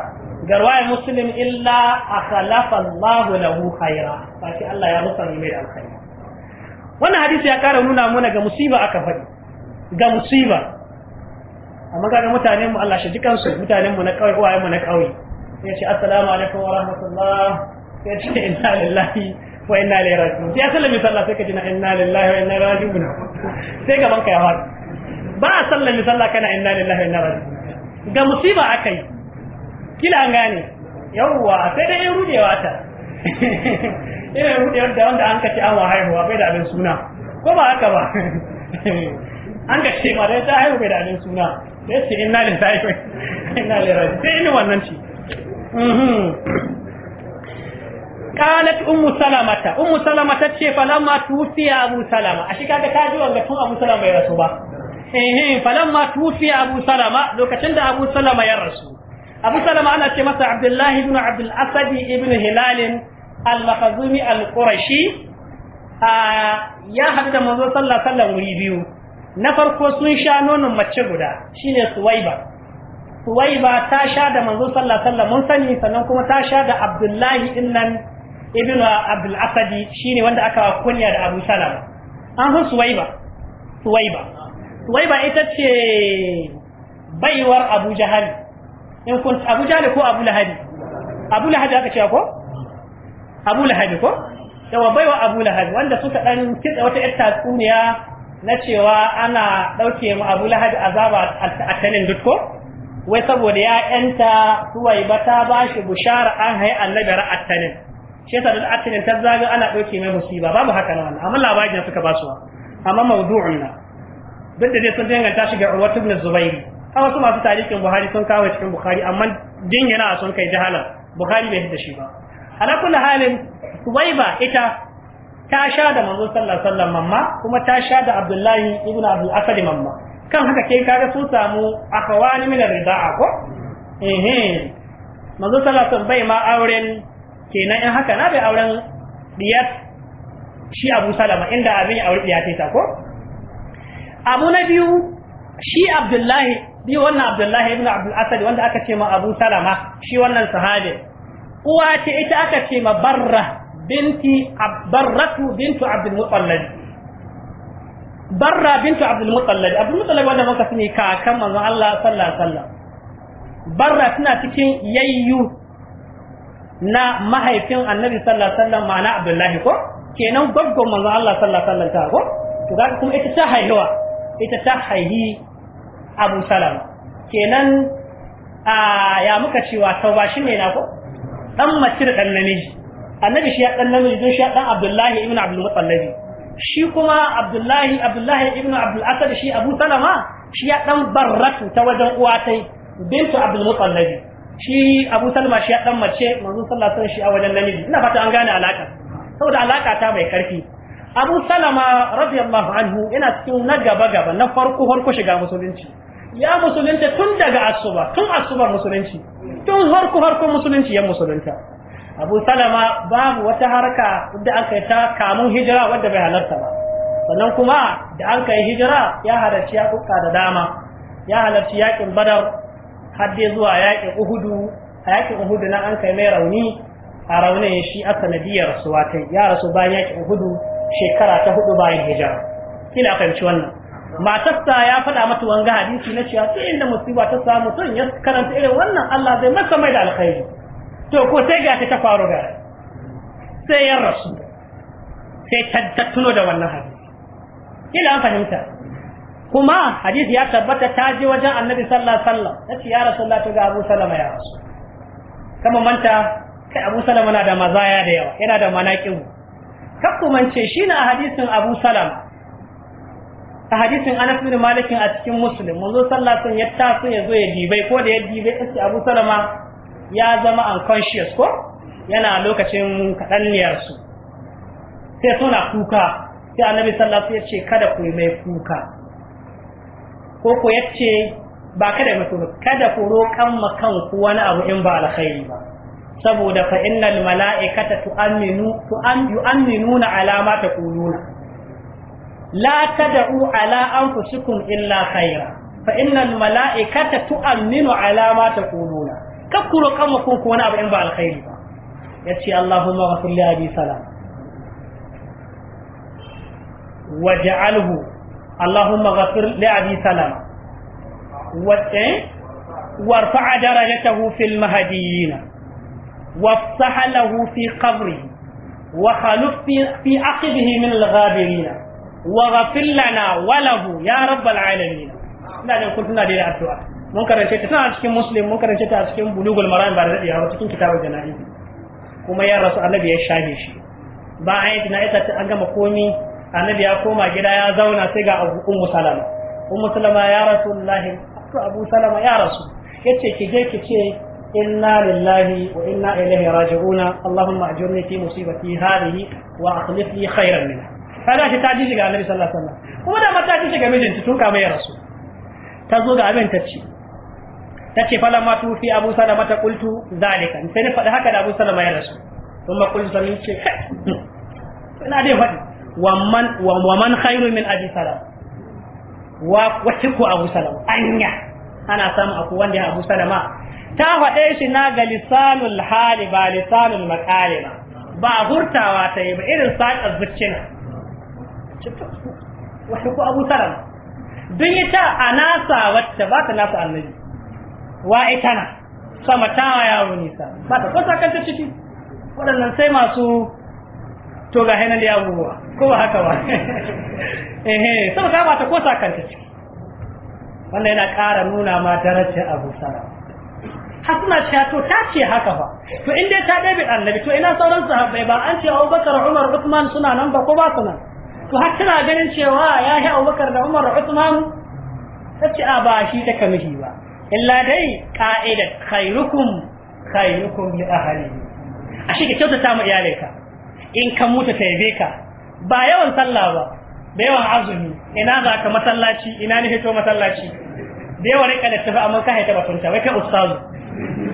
ga ruwayan muslim illa a Allahu lahu khaira face Allah ya musa mai alkhairi wannan hadisi ya kara nuna mana ga musiba aka faɗi ga musiba amma kaga mutanen mu Allah shi ji kansu mutanen mu na kauye uwayen mu na kauye ya ce assalamu alaikum wa rahmatullah ya ce inna lillahi wa inna ilaihi raji'un sai sallami sallah sai ka ji na inna lillahi wa inna ilaihi raji'un sai gaban ka ya fara ba a sallami sallah kana inna lillahi wa inna ilaihi raji'un ga musiba yi kila an gane yawwa sai dai in rudewa ta [laughs] ina rudewa da wanda an kace an wa haihuwa bai da abin suna ko ba haka ba [laughs] an ga ma dai haihu bai da abin suna sai ce inna lin taifin inna lin rajin sai wannan ce mhm. kalat ummu salamata ummu salamata ce falamma tufiya abu salama a shiga ga kaji wanda tun abu salama ya rasu ba eh, falamma tufiya abu salama lokacin da abu salama ya rasu abu salama ana ce masa abdullahi ibn abdul asadi ibn hilalin al-mafazumi al-qurashi ah, ya haɗu da manzo sallah sallah wuri biyu na farko sun sha nonon mace guda shine suwaiba suwaiba ta sha da manzo sallallahu alaihi wasallam mun sani sannan kuma ta sha da abdullahi innan ibnu abdul asadi shine wanda aka kunya da abu salam an hu suwaiba suwaiba suwaiba ita ce baiwar abu jahal in kun abu jahal ko abu lahabi abu lahabi aka ce ko abu lahabi ko yawa baiwa abu lahabi wanda suka dan kitsa wata yar tatsuniya na cewa ana ɗauke mu abu lahadi azaba a tanin dukko wai saboda ya yanta suwai ba ta ba shi bushara an hai annabi ra attanin shi yasa da attanin ta zaga ana ɗauke mai musiba babu haka na amma labarin suka ba amma mawdu'un na duk da dai sun danganta shi ga Urwatu ibn Zubairi a wasu masu tarihin Buhari sun kawo cikin Buhari amma yana sun kai jahalan Buhari bai da shi ba ala kullu halin Suwaiba ita ta sha da manzo sallallahu alaihi wasallam mamma kuma ta sha da abdullahi ibn abdul asad mamma kan haka ke kaga sun samu akhawani min rida'a ko eh eh manzo sallallahu alaihi wasallam bai ma auren kenan in haka na bai auren diyat shi abu salama inda abin ya aure diyat ta ko abu na biyu shi abdullahi bi wannan abdullahi ibn abdul asad wanda aka ce ma abu salama shi wannan sahabi uwa ce ita aka ce ma barra binti barratu bintu abdul mutallab barra bintu abdul mutallab abdul mutallab wanda muka sani kakan manzon Allah sallallahu alaihi wasallam barra tana cikin yayyu na mahaifin annabi sallallahu alaihi wasallam ma'ana abdullahi ko kenan gaggon manzon Allah sallallahu alaihi wasallam ko to ga kuma ita ta haihuwa ita ta haihi abu Salam kenan a ya muka cewa tauba shi ne na ko dan mace da dan namiji annabi shi ya dan namiji don shi ya dan abdullahi ibn abdul mutallabi shi kuma abdullahi abdullahi ibn abdul asad shi abu salama shi ya dan barratu ta wajen uwa ta bintu abdul mutallabi shi abu salama shi ya dan mace manzon sallallahu alaihi shi a wajen namiji ina fata an gane alaka saboda alaka ta mai karfi abu salama radiyallahu anhu yana cikin na gaba gaba na farko farko shiga musulunci ya musulunta tun daga asuba tun asubar musulunci tun harko harko musulunci ya musulunta abu salama babu wata harka da aka yi ta kamun hijira wadda bai halarta ba sannan kuma da an kai hijira ya halarci ya kuka da dama ya halarci yaƙin badar har zuwa yaƙin uhudu a yaƙin uhudu na an kai mai rauni a raunin shi a sanadiyar su ya rasu bayan yaƙin uhudu shekara ta hudu bayan hijira kina fahimci wannan matarsa ya faɗa mata wanga hadisi na cewa duk inda musiba ta samu sun ya karanta irin wannan Allah zai masa mai da alkhairi to ko sai ga ta faru da sai ya rasu sai ta tuno da wannan hadisi kila an fahimta kuma hadisi ya tabbata ta je wajen annabi sallallahu alaihi wasallam tace ya rasulullah to ga abu salama ya rasu kama manta kai abu salama na da mazaya da yawa yana da manaƙin kakkumance shi na hadisin abu salama a hadisin Anas bin Malik a cikin Musulun, mun zo sallah sun ya taso ya zo ya dibai ko da ya dibai sai Abu Salama ya zama unconscious ko yana lokacin kaɗanniyar su sai suna kuka sai annabi sallallahu ya ce kada ku yi mai kuka ko ko ya ce ba kada mai kuka kada ku roƙan ma kanku wani abu in ba alkhairi ba saboda fa innal mala'ikata tu'minu tu'minuna ala ma taquluna la tad'u ala anfusikum illa khaira fa innal mala'ikata tu'minu ala ma taquluna kakkuro kan makon ku wani abu in ba alkhairi ba ya ce Allahumma ghafir li abi salam waj'alhu Allahumma ghafir li abi salam wa eh? warfa'a darajatahu fil mahdiyyin wafsah lahu fi qabri wa khalif fi aqibihi min al-ghabirin wa ghafir lana ya rabbal alamin da addu'a mun karance ta tana cikin muslim mun karance ta a cikin bulugul maram ba da dadewa ba cikin kitabul jana'izi kuma ya rasu annabi ya shafe shi ba an yi jana'iza ta an gama komi annabi ya koma gida ya zauna sai ga abu ummu salama ummu salama ya rasu rasulullahi abu salama ya rasu yace ki je ki ce inna lillahi wa inna ilaihi raji'una allahumma ajurni fi musibati hadhihi wa akhlif li khairan minha kana shi ta ji ga annabi sallallahu alaihi wasallam kuma da mata ta ji ga mijinta tun kama ya rasu ta zo ga abin ta ce tace fala ma tufi abu salama ta qultu zalika sai na faɗi haka da abu salama ya rasu kuma qultu sai ce ina dai faɗi wa man wa man khairu min abi salama wa wacce ko abu salama anya ana samu aku wanda ya abu salama ta faɗe shi na ga lisanul hali ba lisanul maqali ba hurtawa ta yi ba irin saƙar zuccina wacce ko abu salama dun ita a nasa wacce ba ta nasa annabi wa tana sama ta yaro nisa ba ta kwasa ta ciki waɗannan sai masu to ga hainan da ya abubuwa ko ba haka ba [laughs] ehe sama ta ba ta kwasa ta ciki wannan yana ƙara nuna ma darajar abu sara hasuna cewa to ta ce haka ba to in dai ta ɗabi annabi to ina sauran sahabbai ba an ce abubakar umar usman suna nan ba ko ba su nan to har tana ganin cewa ya yi abubakar da umar usman ta ce a ba shi ta kamihi ba illa dai ka'ida khairukum khairukum li ahli a shi ka kyautata mu iyalinka in kan mutu ta yabe ka ba yawan sallah ba da yawan azumi ina za ka masallaci ina ni hito masallaci da yawan rika da tafi amma ka haita batunta wai kai ustazu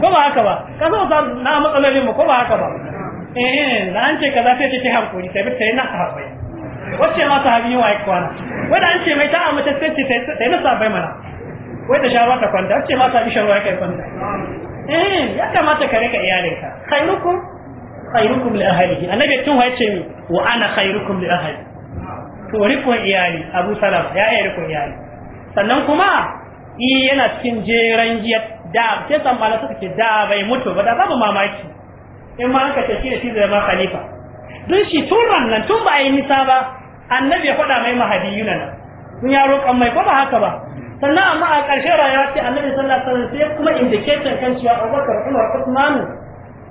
ko ba haka ba ka so ustazu na matsalolin mu ko ba haka ba eh Da an ce kaza sai take hankuri sai sai na hawaye wacce ma sahabi wa ikwana wanda an ce mai ta'a mace sai ta yi na sabai mana wai da sha ba ta kwanta ce ma ta bi shan ruwa kwanta eh ya kamata ka rika iyalinka khairukum khairukum li ahlihi annabi tun wai ce wa ana khairukum li ahli to rikon iyali Abu Salama ya yi rikon iyali sannan kuma i yana cikin jeran jiya da sai san mala suka ce da bai mutu ba da babu mamaki in ma aka ce shi da shi zai zama khalifa dun shi tun nan tun ba yi nisa ba annabi ya faɗa mai mahadiyuna nan sun yaro roƙan mai ko ba haka ba sannan amma a ƙarshen rayuwa sai annabi sallallahu alaihi wasallam sai kuma indicator kan cewa Abubakar Umar Uthman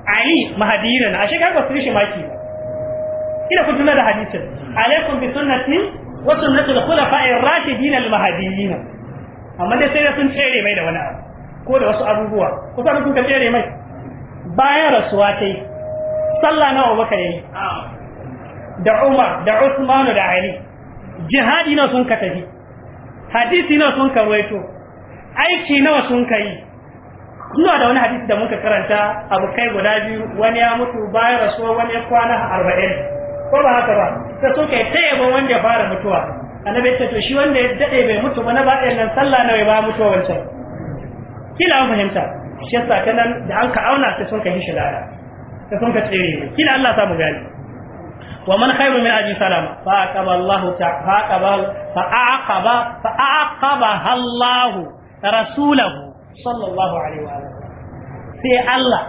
Ali mahadira na ashe kaga su shi maki ba ina kun tuna da hadisin alaikum bi sunnati wa sunnati al-khulafa'i ar-rashidin al-mahdiyyin amma dai sai sun tsere mai da wani abu ko da wasu abubuwa ko sai kun tsere mai bayan rasuwa ta yi sallah na Abubakar yayi da Umar da Uthman da Ali jihadi na sun ka tafi hadisi nawa sun karwaito aiki nawa sun kai suna da wani hadisi da muka karanta abu kai guda biyu wani ya mutu bayan rasuwa wani ya kwana a arba'in ko ba haka ba ta sun kai ta yabo wanda ya fara mutuwa annabi ya ce to shi wanda ya dade bai mutu ba na ba ɗayan nan sallah na wai ba mutuwa wancan kila an fahimta shi yasa ta nan da an ka auna ta sun kai shi lada ta sun ka tsere kila Allah sa mu gani ومن خير من أبي سلمة فعاقب الله فعاقب فعاقب فعاقبها الله رسوله صلى الله عليه وآله sai Allah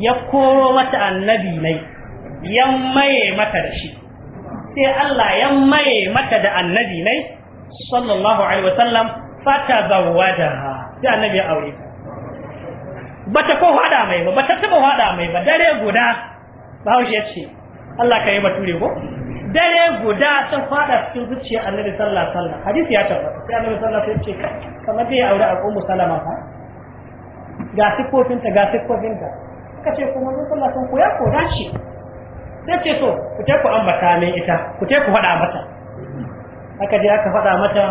ya koro mata annabi ne ya maye mata da shi sai Allah ya maye mata da annabi ne sallallahu alaihi wasallam fata zawwajaha bata ko hada mai ba bata mai ba dare guda bahaushe ce Allah ka yi bature ko dare guda ta fada cikin zuciyar annabi sallallahu alaihi wasallam hadisi ya tabbata sai annabi sallallahu alaihi wasallam ya ce kamar bai aure a ummu salama fa ga sifofinta ga sifofinta kace kuma manzo sallallahu alaihi wasallam ko ya koda shi sai ce so ku te ku ambata min ita ku te ku faɗa mata aka je aka faɗa mata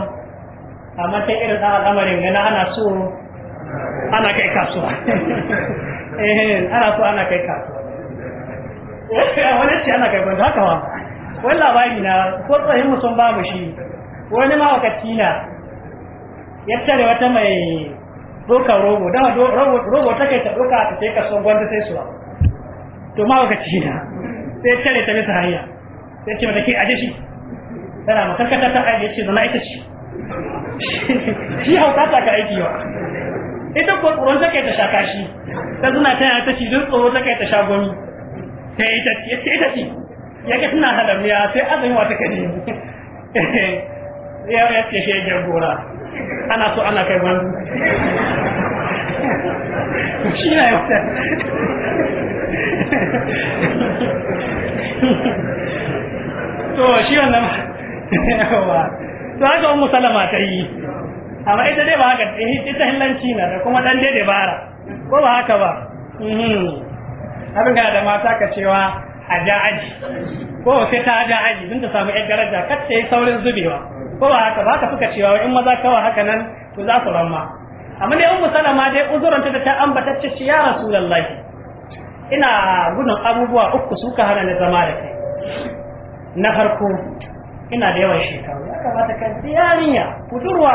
amma sai irin ɗan al'amarin gana ana so ana kai kasuwa [laughs] eh ana so ana kai kasuwa Eh, wani ce ana karɓar haka ma wani labari na ko tsohin mu sun babu shi wani mawakaci na ya tare wata mai ɗaukar rogo dama rogo ta kai ta ɗauka ta kai kasuwan gwanda sai suwa to mawakaci na sai ya tare ta bisa hanya sai ce mata ke aje shi tana makarkata ta aje ce zana ita ce shi hauka ta ka aiki yawa ita ko tsoron ta kai ta shaka shi ta zuna ta yana ta ci don tsoro ta kai ta sha gwani sai ita ce ya ita ce ya ga tana halarmiya sai azumi wata kaje ya ya ce shi ya gora ana so ana kai wani shi na yau to shi wannan yawa to haka ummu salama ta yi amma ita dai ba haka ita hillanci na da kuma dan dai dabara ko ba haka ba mhm. abin da mata ka cewa a ja aji ko sai ta ja aji don ta samu yan daraja kar ta yi saurin zubewa ko ba haka ba ka fuka cewa in maza kawai haka nan ku za su ramma amma dai ummu salama dai uzuran ta ta ambata ce ya rasulullahi ina gudun abubuwa uku suka hana na zama da kai na farko ina da yawan shekaru ya kamata ka yarinya budurwa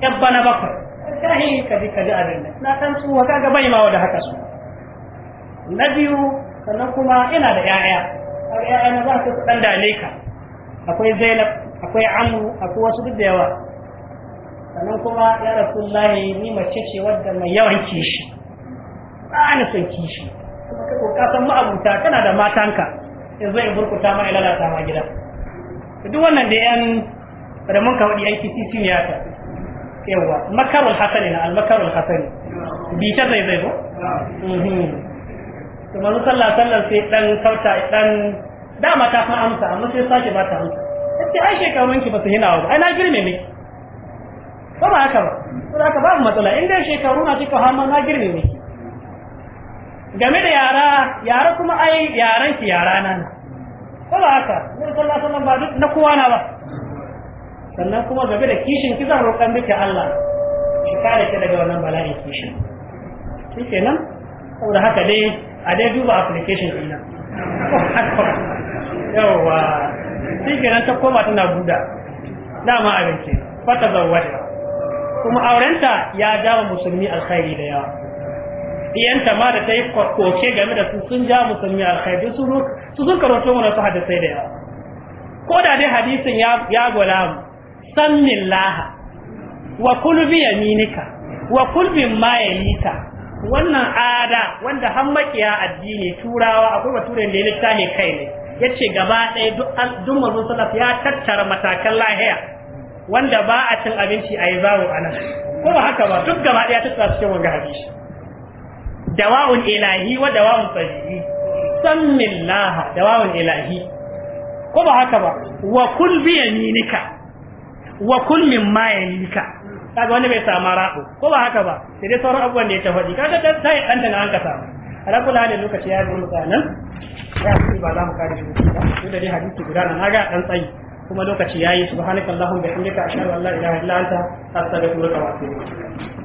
yabba na bakwai kahi ka ji ka ji abin nan na san su kaga bai ma wada haka su na biyu sannan kuma ina da ƴaƴa har ƴaƴa na za su dan dane ka akwai Zainab akwai Amru akwai wasu duk da yawa sannan kuma ya Rasulullahi ni mace ce wadda mai yawan kishi ba ni son kishi kuma ka ka san ma'abuta kana da matanka in zai burkuta ma ta ma gida duk wannan da yan da mun kawo yan kisi sun ya ta yawa makarul hasani na al makarul hasani bi ta zai zai ko to manzo sallah sallar sai dan farka dan dama ta san amsa amma sai sake ba ta amsa sai ai shekarun ki ba su hinawa ba ai na girme ne ba ba haka ba to haka babu matsala in dai shekaru na cika har na girme ne game da yara yara kuma ai yaran ki yara na ba ba haka ne sallah sallar ba duk na kowa na ba sannan kuma game da kishin ki zan roƙan miki Allah ki kare ki daga wannan bala'in kishin shikenan saboda haka dai a dai duba application ɗina yawa shi kenan ta koma tana buda dama abinci fata zawwata kuma aurenta ya jawa musulmi alkhairi da yawa iyanta ma da ta yi koke game da su sun ja musulmi alkhairi su sun karanto mana su hadisai da yawa ko da dai hadisin ya mu san laha wa kulbi yaminika wa kulbin ma yamika wannan ada wanda har makiya addini turawa akwai bature da ya littafi kai ne yace gaba ɗaya duk manzon salaf ya tattara matakan lahiya wanda ba a cin abinci a yi zawo a nan ko ba haka ba duk gaba ɗaya tattara cikin wanga hadisi dawa'un ilahi wa dawa'un tabi'i sammillaha dawa'un ilahi ko ba haka ba wa kul bi yaminika wa kul mimma yaminika kaga wani bai samu rabu ko ba haka ba sai dai sauran abubuwan da ya ta faɗi kaga ta sai dan da an ka samu ala kula lokaci ya gurin mutanen ya ci ba za mu kare shi ba duk da dai hadisi guda nan naga dan tsayi kuma lokaci yayi subhanakallahumma bihamdika ashhadu an la ilaha illa anta astaghfiruka wa atubu ilaik